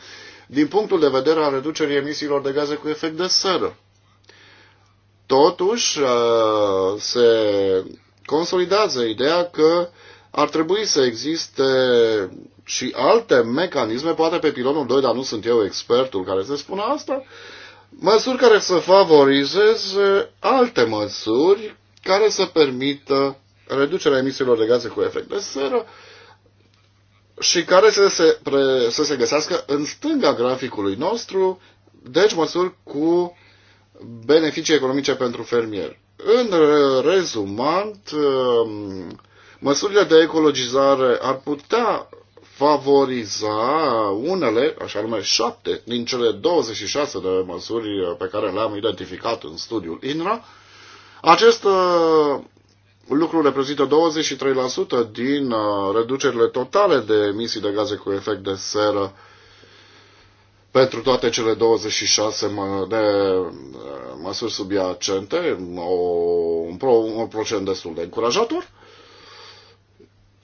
din punctul de vedere al reducerii emisiilor de gaze cu efect de seră. Totuși, uh, se consolidează ideea că ar trebui să existe și alte mecanisme, poate pe pilonul 2, dar nu sunt eu expertul care se spună asta, Măsuri care să favorizeze alte măsuri care să permită reducerea emisiilor de gaze cu efect de seră și care să se, pre, să se găsească în stânga graficului nostru, deci măsuri cu beneficii economice pentru fermier. În rezumant, măsurile de ecologizare ar putea favoriza unele, așa nume șapte, din cele 26 de măsuri pe care le-am identificat în studiul INRA. Acest uh, lucru reprezintă 23% din uh, reducerile totale de emisii de gaze cu efect de seră pentru toate cele 26 de uh, măsuri subiacente, o, un, pro, un procent destul de încurajator.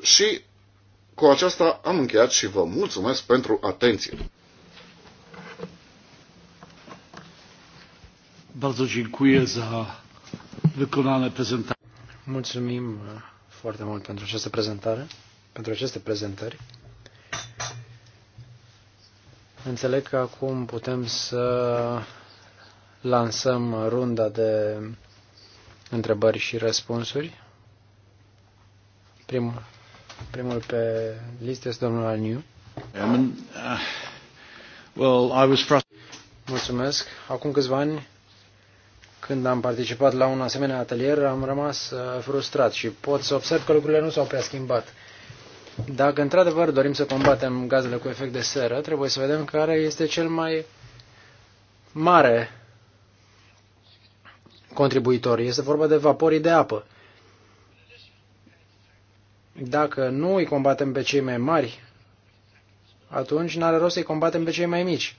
Și cu aceasta am încheiat și vă mulțumesc pentru atenție. Bardzo dziękuję za wykonane prezentacje. Mulțumim uh, foarte mult pentru această prezentare, pentru aceste prezentări. Înțeleg că acum putem să lansăm runda de întrebări și răspunsuri. Primul Primul pe listă este domnul Alniu. Uh, well, I was Mulțumesc. Acum câțiva ani, când am participat la un asemenea atelier, am rămas uh, frustrat și pot să observ că lucrurile nu s-au prea schimbat. Dacă într-adevăr dorim să combatem gazele cu efect de seră, trebuie să vedem care este cel mai mare contribuitor. Este vorba de vaporii de apă. Dacă nu îi combatem pe cei mai mari, atunci n-are rost să-i combatem pe cei mai mici.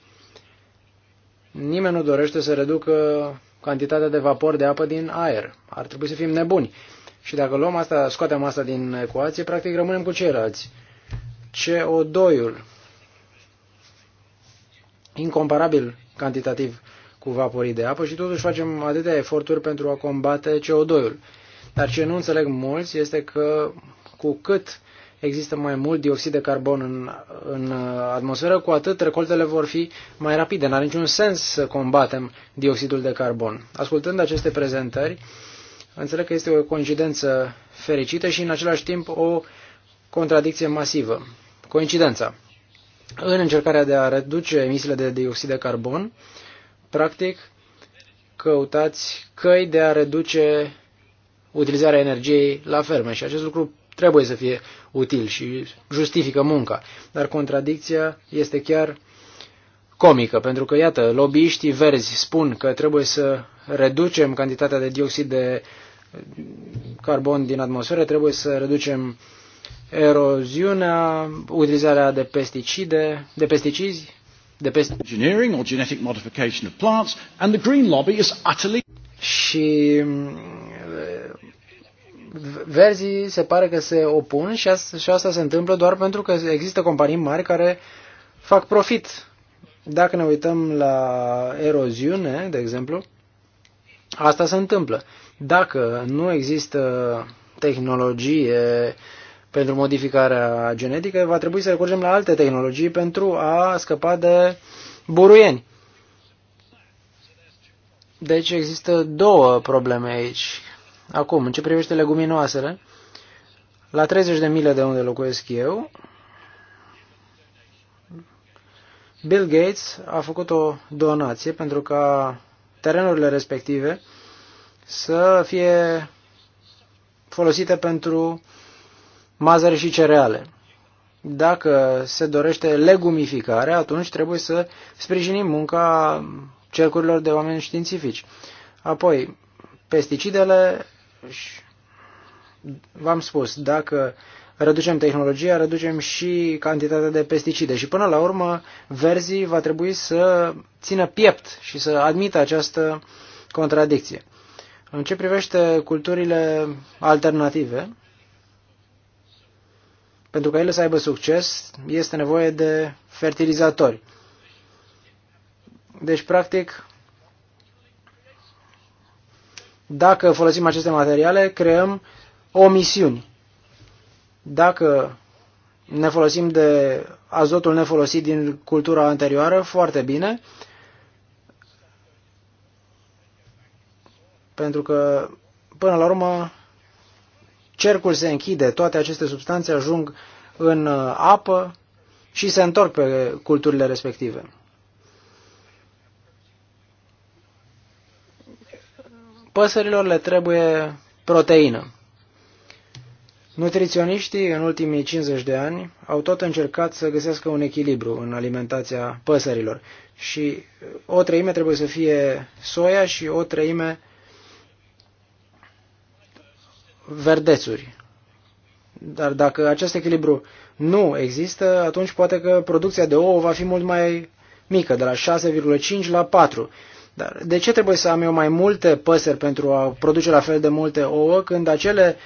Nimeni nu dorește să reducă cantitatea de vapor de apă din aer. Ar trebui să fim nebuni. Și dacă luăm asta, scoatem asta din ecuație, practic rămânem cu ceilalți. CO2-ul, incomparabil cantitativ cu vaporii de apă și totuși facem atâtea eforturi pentru a combate CO2-ul. Dar ce nu înțeleg mulți este că cu cât există mai mult dioxid de carbon în, în atmosferă, cu atât recoltele vor fi mai rapide. N-are niciun sens să combatem dioxidul de carbon. Ascultând aceste prezentări, înțeleg că este o coincidență fericită și în același timp o contradicție masivă. Coincidența. În încercarea de a reduce emisiile de dioxid de carbon, practic căutați căi de a reduce utilizarea energiei la ferme și acest lucru trebuie să fie util și justifică munca. Dar contradicția este chiar comică, pentru că, iată, lobbyiștii verzi spun că trebuie să reducem cantitatea de dioxid de carbon din atmosferă, trebuie să reducem eroziunea, utilizarea de pesticide, de pesticizi, de pesticide. engineering or genetic modification of plants and the green lobby is utterly și verzii se pare că se opun și asta, și asta se întâmplă doar pentru că există companii mari care fac profit. Dacă ne uităm la eroziune, de exemplu, asta se întâmplă. Dacă nu există tehnologie pentru modificarea genetică, va trebui să recurgem la alte tehnologii pentru a scăpa de buruieni. Deci există două probleme aici. Acum, în ce privește leguminoasele, la 30 de mile de unde locuiesc eu, Bill Gates a făcut o donație pentru ca terenurile respective să fie folosite pentru mazăre și cereale. Dacă se dorește legumificare, atunci trebuie să sprijinim munca cercurilor de oameni științifici. Apoi, pesticidele v-am spus, dacă reducem tehnologia, reducem și cantitatea de pesticide și până la urmă verzii va trebui să țină piept și să admită această contradicție. În ce privește culturile alternative, pentru ca ele să aibă succes, este nevoie de fertilizatori. Deci, practic, dacă folosim aceste materiale, creăm omisiuni. Dacă ne folosim de azotul nefolosit din cultura anterioară, foarte bine, pentru că, până la urmă, cercul se închide, toate aceste substanțe ajung în uh, apă și se întorc pe culturile respective. Păsărilor le trebuie proteină. Nutriționiștii în ultimii 50 de ani au tot încercat să găsească un echilibru în alimentația păsărilor și uh, o treime trebuie să fie soia și o treime verdețuri. Dar dacă acest echilibru nu există, atunci poate că producția de ouă va fi mult mai mică, de la 6,5 la 4. Dar de ce trebuie să am eu mai multe păsări pentru a produce la fel de multe ouă când acele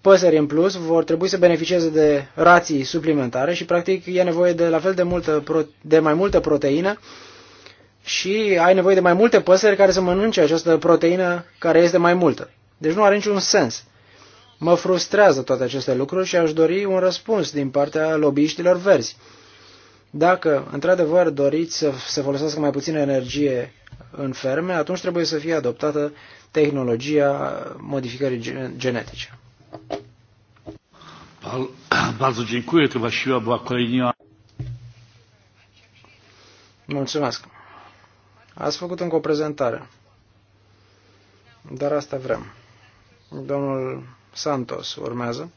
păsări în plus vor trebui să beneficieze de rații suplimentare și practic e nevoie de la fel de, multă, de mai multă proteină și ai nevoie de mai multe păsări care să mănânce această proteină care este mai multă. Deci nu are niciun sens. Mă frustrează toate aceste lucruri și aș dori un răspuns din partea lobbyiștilor verzi. Dacă, într-adevăr, doriți să se folosească mai puțină energie în ferme, atunci trebuie să fie adoptată tehnologia modificării genetice. Mulțumesc. Ați făcut încă o prezentare. Dar asta vrem. Domnul Santos urmează.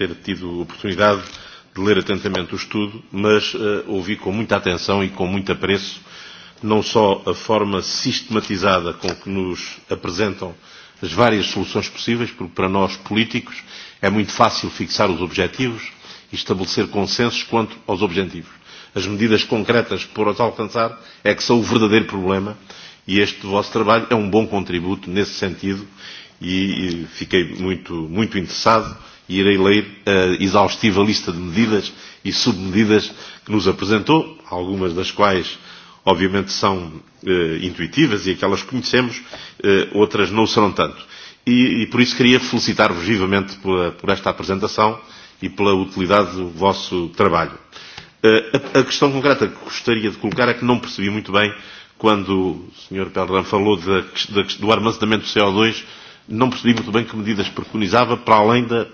ter tido oportunidade de ler atentamente o estudo, mas uh, ouvi com muita atenção e com muito apreço não só a forma sistematizada com que nos apresentam as várias soluções possíveis, porque para nós políticos é muito fácil fixar os objetivos e estabelecer consensos quanto aos objetivos. As medidas concretas por os alcançar é que são o verdadeiro problema e este vosso trabalho é um bom contributo nesse sentido e, fiquei muito, muito interessado e irei ler eh, a exaustiva lista de medidas e submedidas que nos apresentou, algumas das quais obviamente são eh, intuitivas e aquelas que conhecemos, eh, outras não serão tanto. E, e por isso queria felicitar-vos vivamente por, por esta apresentação e pela utilidade do vosso trabalho. Eh, a, a questão concreta que gostaria de colocar é que não percebi muito bem quando o Sr. Pellerin falou de, da, de, da, do armazenamento do CO2, não percebi muito bem que medidas preconizava para além da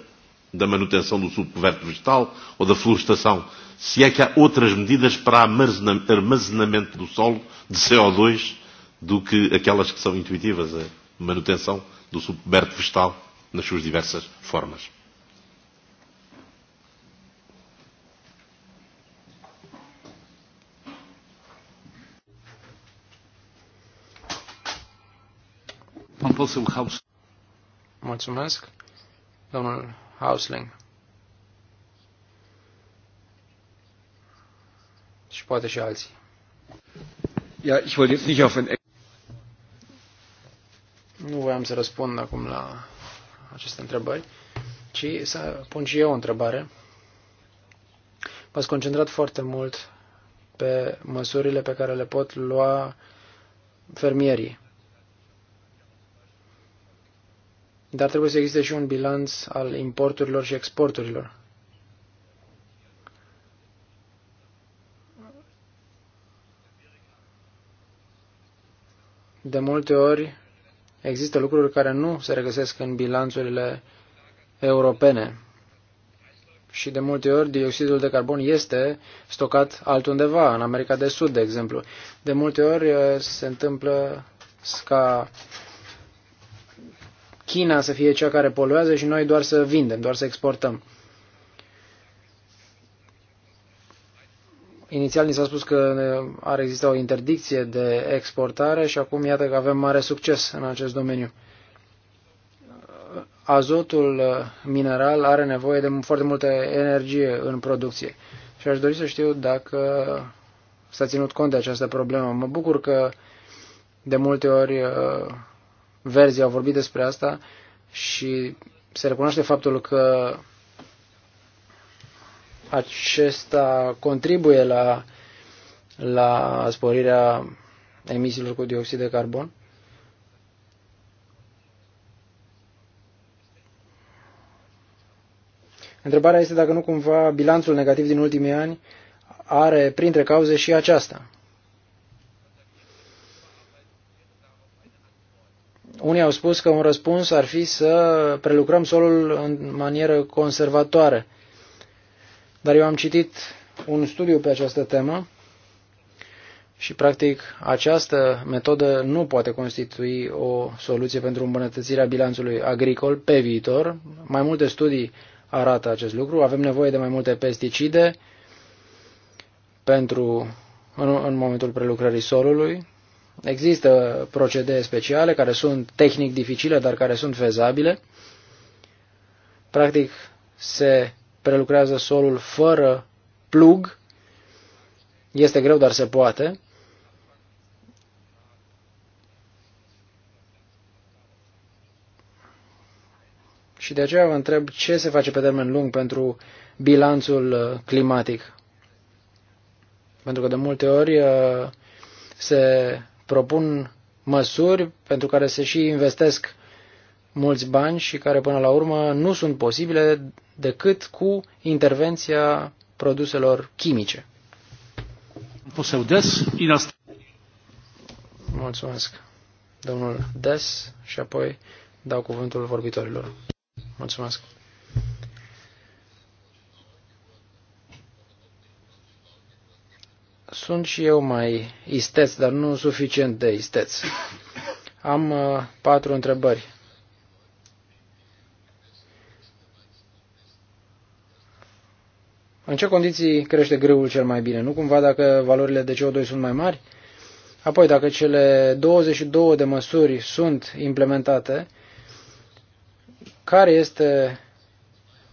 da manutenção do subcoberto vegetal ou da florestação, se é que há outras medidas para armazenamento do solo de CO2 do que aquelas que são intuitivas, a manutenção do subcoberto vegetal nas suas diversas formas. Mulțumesc. Domnul Hausling. Și poate și alții. Ja, ich wollte jetzt nicht auf ein... Nu voiam să răspund acum la aceste întrebări, ci să pun și eu o întrebare. V-ați concentrat foarte mult pe măsurile pe care le pot lua fermierii. dar trebuie să existe și un bilanț al importurilor și exporturilor. De multe ori există lucruri care nu se regăsesc în bilanțurile europene și de multe ori dioxidul de carbon este stocat altundeva, în America de Sud, de exemplu. De multe ori eh, se întâmplă ca China să fie cea care poluează și noi doar să vindem, doar să exportăm. Inițial ni s-a spus că ar exista o interdicție de exportare și acum iată că avem mare succes în acest domeniu. Azotul mineral are nevoie de foarte multă energie în producție și aș dori să știu dacă s-a ținut cont de această problemă. Mă bucur că de multe ori uh, verzi au vorbit despre asta și se recunoaște faptul că acesta contribuie la, la sporirea emisiilor cu dioxid de carbon. Întrebarea este dacă nu cumva bilanțul negativ din ultimii ani are printre cauze și aceasta. Unii au spus că un răspuns ar fi să prelucrăm solul în manieră conservatoare. Dar eu am citit un studiu pe această temă și, practic, această metodă nu poate constitui o soluție pentru îmbunătățirea bilanțului agricol pe viitor. Mai multe studii arată acest lucru. Avem nevoie de mai multe pesticide pentru, în, în momentul prelucrării solului, Există procedee speciale care sunt tehnic dificile, dar care sunt fezabile. Practic se prelucrează solul fără plug. Este greu, dar se poate. Și de aceea vă întreb ce se face pe termen lung pentru bilanțul uh, climatic. Pentru că de multe ori uh, se propun măsuri pentru care se și investesc mulți bani și care până la urmă nu sunt posibile decât cu intervenția produselor chimice. Mulțumesc, domnul Des, și apoi dau cuvântul vorbitorilor. Mulțumesc. sunt și eu mai isteț, dar nu suficient de isteț. Am uh, patru întrebări. În ce condiții crește greul cel mai bine? Nu cumva dacă valorile de CO2 sunt mai mari? Apoi, dacă cele 22 de măsuri sunt implementate, care este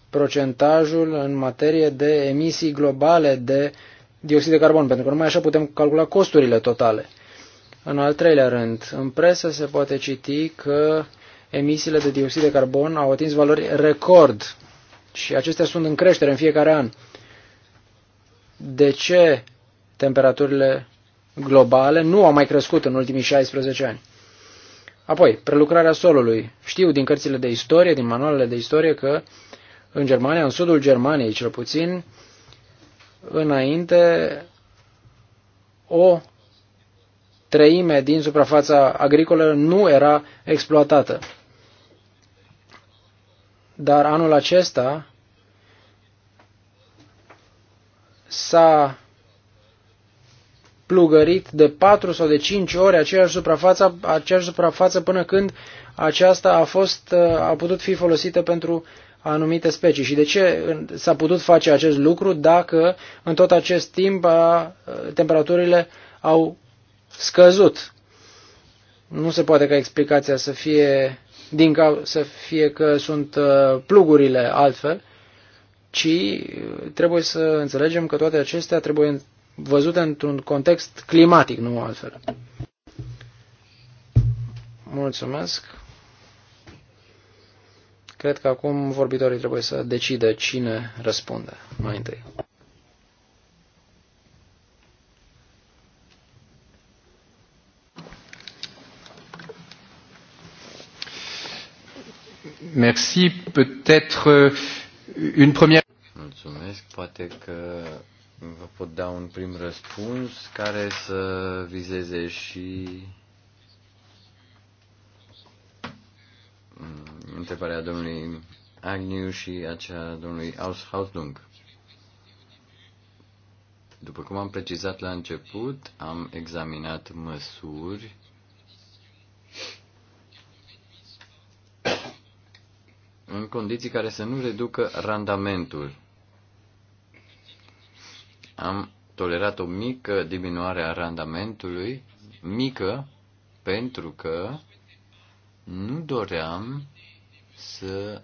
procentajul în materie de emisii globale de dioxid de carbon, pentru că numai așa putem calcula costurile totale. În al treilea rând, în presă se poate citi că emisiile de dioxid de carbon au atins valori record și acestea sunt în creștere în fiecare an. De ce temperaturile globale nu au mai crescut în ultimii 16 ani? Apoi, prelucrarea solului. Știu din cărțile de istorie, din manualele de istorie, că în Germania, în sudul Germaniei cel puțin, înainte o treime din suprafața agricolă nu era exploatată. Dar anul acesta s-a plugărit de 4 sau de 5 ori aceeași suprafață, aceeași suprafață până când aceasta a, fost, a putut fi folosită pentru anumite specii. Și de ce s-a putut face acest lucru dacă în tot acest timp a, temperaturile au scăzut? Nu se poate ca explicația să fie, din cau- să fie că sunt uh, plugurile altfel, ci uh, trebuie să înțelegem că toate acestea trebuie văzute într-un context climatic, nu altfel. Mulțumesc. Cred că acum vorbitorii trebuie să decidă cine răspunde mai întâi. Merci. Peut-être euh, une première. Mulțumesc. Poate că vă pot da un prim răspuns care să vizeze și Mm, întrebarea domnului Agniu și acea domnului Aushausdung. După cum am precizat la început, am examinat măsuri în condiții care să nu reducă randamentul. Am tolerat o mică diminuare a randamentului, mică, pentru că nu doream să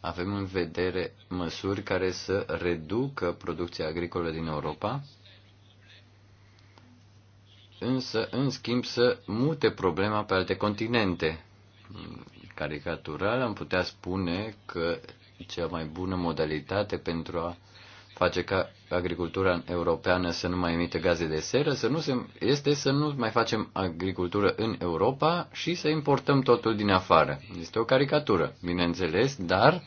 avem în vedere măsuri care să reducă producția agricolă din Europa, însă, în schimb, să mute problema pe alte continente. Caricatural am putea spune că cea mai bună modalitate pentru a face ca agricultura europeană să nu mai emite gaze de seră să nu se, este să nu mai facem agricultură în Europa și să importăm totul din afară. Este o caricatură, bineînțeles, dar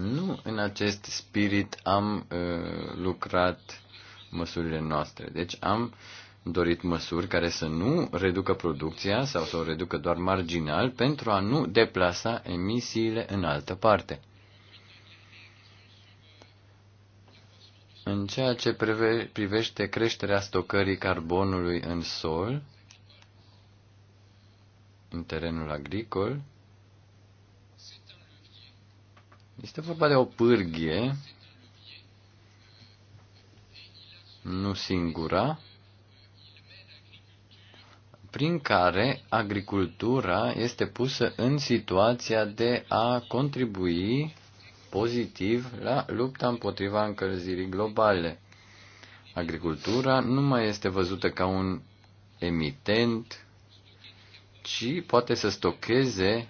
nu în acest spirit am uh, lucrat măsurile noastre. Deci am dorit măsuri care să nu reducă producția sau să o reducă doar marginal pentru a nu deplasa emisiile în altă parte. În ceea ce privește creșterea stocării carbonului în sol, în terenul agricol, este vorba de o pârghie, nu singura, prin care agricultura este pusă în situația de a contribui pozitiv la lupta împotriva încălzirii globale. Agricultura nu mai este văzută ca un emitent, ci poate să stocheze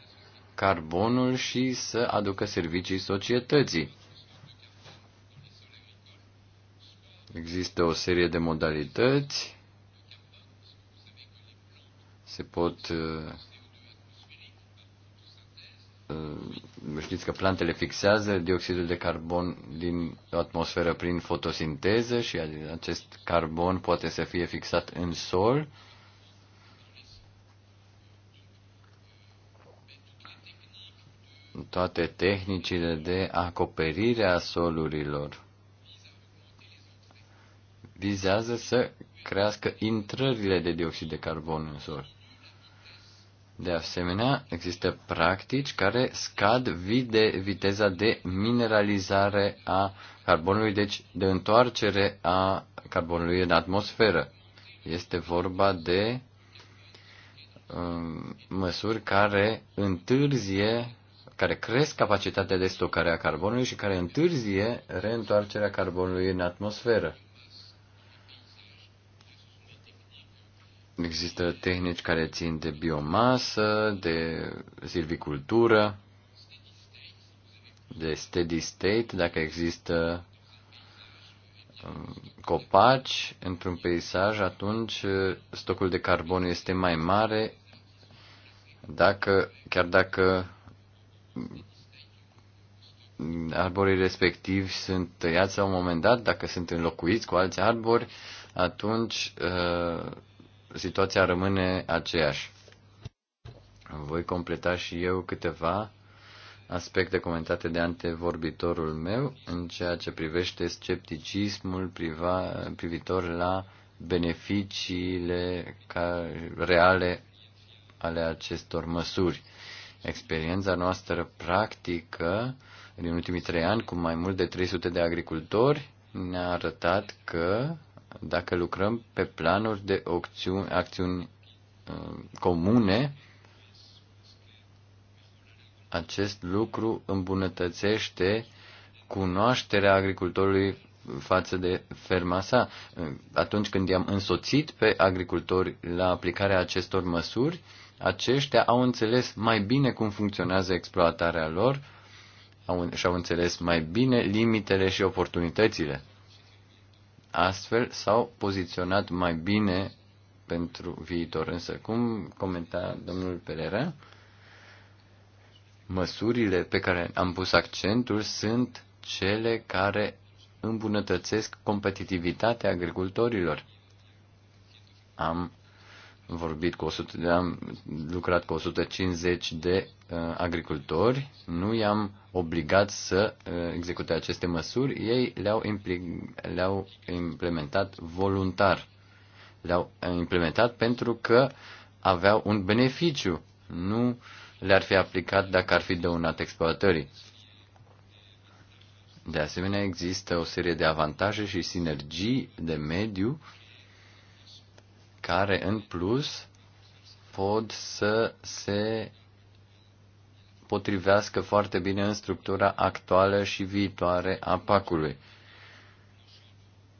carbonul și să aducă servicii societății. Există o serie de modalități. Se pot uh, Ehm, știți că plantele fixează dioxidul de carbon din atmosferă prin fotosinteză și acest carbon poate să fie fixat în sol. Toate tehnicile de acoperire a solurilor vizează să crească intrările de dioxid de carbon în sol. De asemenea, există practici care scad vide viteza de mineralizare a carbonului, deci de întoarcere a carbonului în atmosferă. Este vorba de um, măsuri care întârzie, care cresc capacitatea de stocare a carbonului și care întârzie reîntoarcerea carbonului în atmosferă. Există tehnici care țin de biomasă, de silvicultură, de steady state, dacă există um, copaci într-un peisaj, atunci uh, stocul de carbon este mai mare, dacă, chiar dacă mm, arborii respectivi sunt tăiați la un moment dat, dacă sunt înlocuiți cu alți arbori, atunci uh, situația rămâne aceeași. Voi completa și eu câteva aspecte comentate de antevorbitorul meu în ceea ce privește scepticismul priva, privitor la beneficiile ca, reale ale acestor măsuri. Experiența noastră practică din ultimii trei ani cu mai mult de 300 de agricultori ne-a arătat că dacă lucrăm pe planuri de acțiuni, acțiuni uh, comune, acest lucru îmbunătățește cunoașterea agricultorului față de ferma sa. Uh, atunci când i-am însoțit pe agricultori la aplicarea acestor măsuri, aceștia au înțeles mai bine cum funcționează exploatarea lor și-au înțeles mai bine limitele și oportunitățile astfel s-au poziționat mai bine pentru viitor. Însă, cum comenta domnul Pereira, măsurile pe care am pus accentul sunt cele care îmbunătățesc competitivitatea agricultorilor. Am vorbit cu 100 de, am lucrat cu 150 de uh, agricultori, nu i-am obligat să uh, execute aceste măsuri, ei le-au, le-au implementat voluntar. Le-au uh, implementat pentru că aveau un beneficiu, nu le-ar fi aplicat dacă ar fi dăunat exploatării. De asemenea, există o serie de avantaje și sinergii de mediu care în plus pot să se potrivească foarte bine în structura actuală și viitoare a pacului.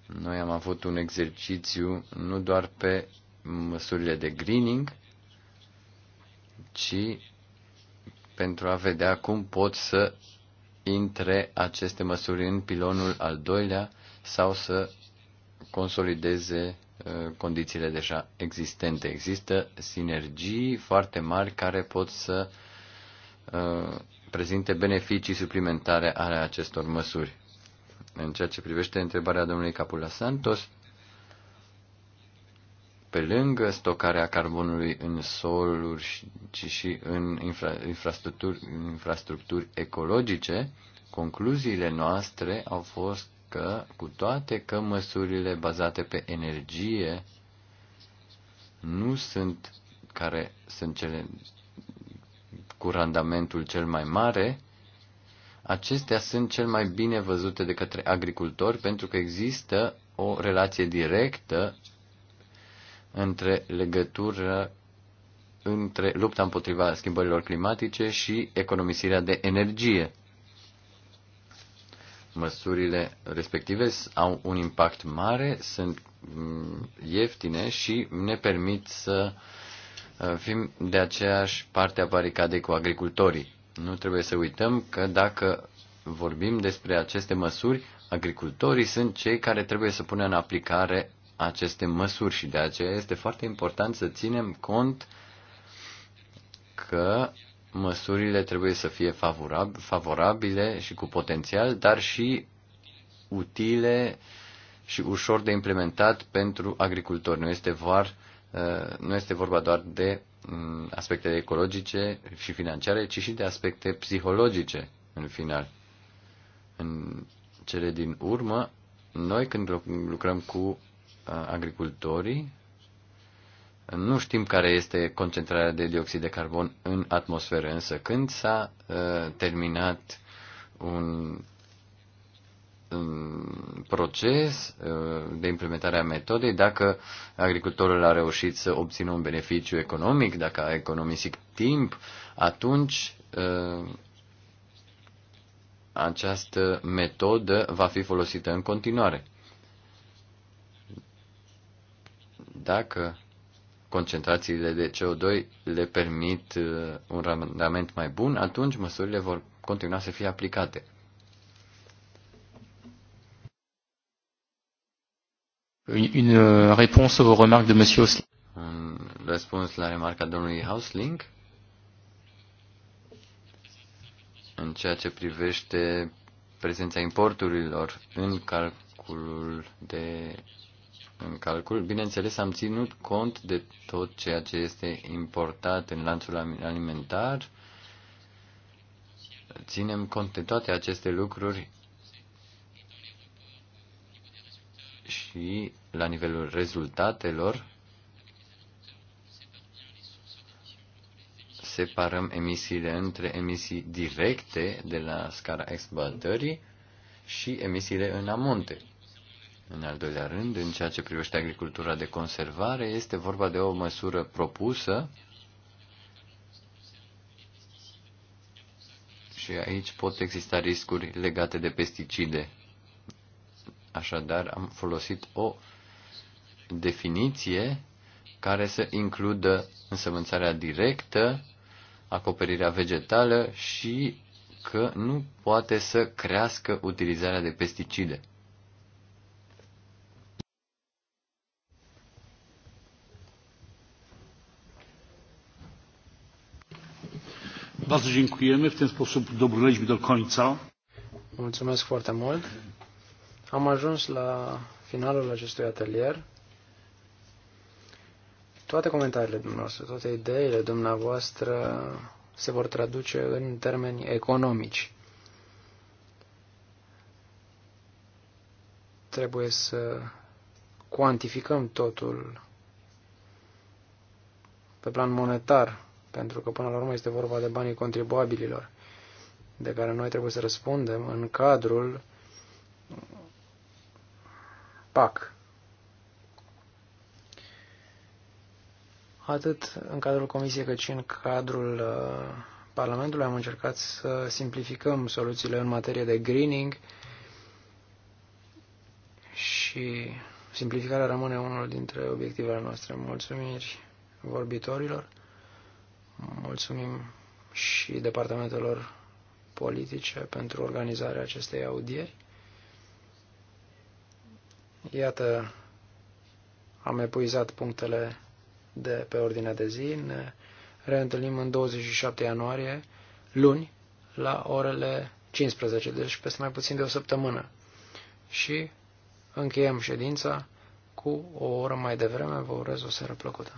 Noi am avut un exercițiu nu doar pe măsurile de greening, ci pentru a vedea cum pot să intre aceste măsuri în pilonul al doilea sau să consolideze Uh, condițiile deja existente. Există sinergii foarte mari care pot să uh, prezinte beneficii suplimentare ale acestor măsuri. În ceea ce privește întrebarea domnului Capula Santos, pe lângă stocarea carbonului în soluri, ci și în infra, infrastructuri, infrastructuri ecologice, concluziile noastre au fost că, cu toate că măsurile bazate pe energie nu sunt care sunt cele cu randamentul cel mai mare, acestea sunt cel mai bine văzute de către agricultori pentru că există o relație directă între legătură între lupta împotriva schimbărilor climatice și economisirea de energie. Măsurile respective au un impact mare, sunt mm, ieftine și ne permit să uh, fim de aceeași parte a baricadei cu agricultorii. Nu trebuie să uităm că dacă vorbim despre aceste măsuri, agricultorii sunt cei care trebuie să pună în aplicare aceste măsuri și de aceea este foarte important să ținem cont că măsurile trebuie să fie favorab- favorabile și cu potențial, dar și utile și ușor de implementat pentru agricultori. Nu este, var, uh, nu este vorba doar de mm, aspectele ecologice și financiare, ci și de aspecte psihologice în final. În cele din urmă, noi când lucrăm cu uh, agricultorii, nu știm care este concentrarea de dioxid de carbon în atmosferă, însă când s-a uh, terminat un, un proces uh, de implementare a metodei, dacă agricultorul a reușit să obțină un beneficiu economic, dacă a economisit timp, atunci uh, această metodă va fi folosită în continuare. Dacă concentrațiile de CO2 le permit uh, un randament mai bun, atunci măsurile vor continua să fie aplicate. Une uh, réponse aux remarques de Monsieur Osling. Un răspuns la remarca domnului Hausling. În ceea ce privește prezența importurilor în calculul de în calcul. Bineînțeles, am ținut cont de tot ceea ce este importat în lanțul alimentar. Ținem cont de toate aceste lucruri și la nivelul rezultatelor separăm emisiile între emisii directe de la scara exploatării și emisiile în amonte. În al doilea rând, în ceea ce privește agricultura de conservare, este vorba de o măsură propusă și aici pot exista riscuri legate de pesticide. Așadar, am folosit o definiție care să includă însămânțarea directă, acoperirea vegetală și că nu poate să crească utilizarea de pesticide. Bardzo dziękujemy. W ten sposób dobrnęliśmy do końca. Mulțumesc foarte mult. Am ajuns la finalul acestui atelier. Toate comentariile dumneavoastră, toate ideile dumneavoastră se vor traduce în termeni economici. Trebuie să cuantificăm totul pe plan monetar pentru că până la urmă este vorba de banii contribuabililor, de care noi trebuie să răspundem în cadrul PAC. Atât în cadrul Comisiei cât și în cadrul uh, Parlamentului am încercat să simplificăm soluțiile în materie de greening și simplificarea rămâne unul dintre obiectivele noastre. Mulțumiri vorbitorilor. Mulțumim și departamentelor politice pentru organizarea acestei audieri. Iată, am epuizat punctele de pe ordinea de zi. Ne reîntâlnim în 27 ianuarie, luni, la orele 15, deci peste mai puțin de o săptămână. Și încheiem ședința cu o oră mai devreme. Vă urez o seară plăcută.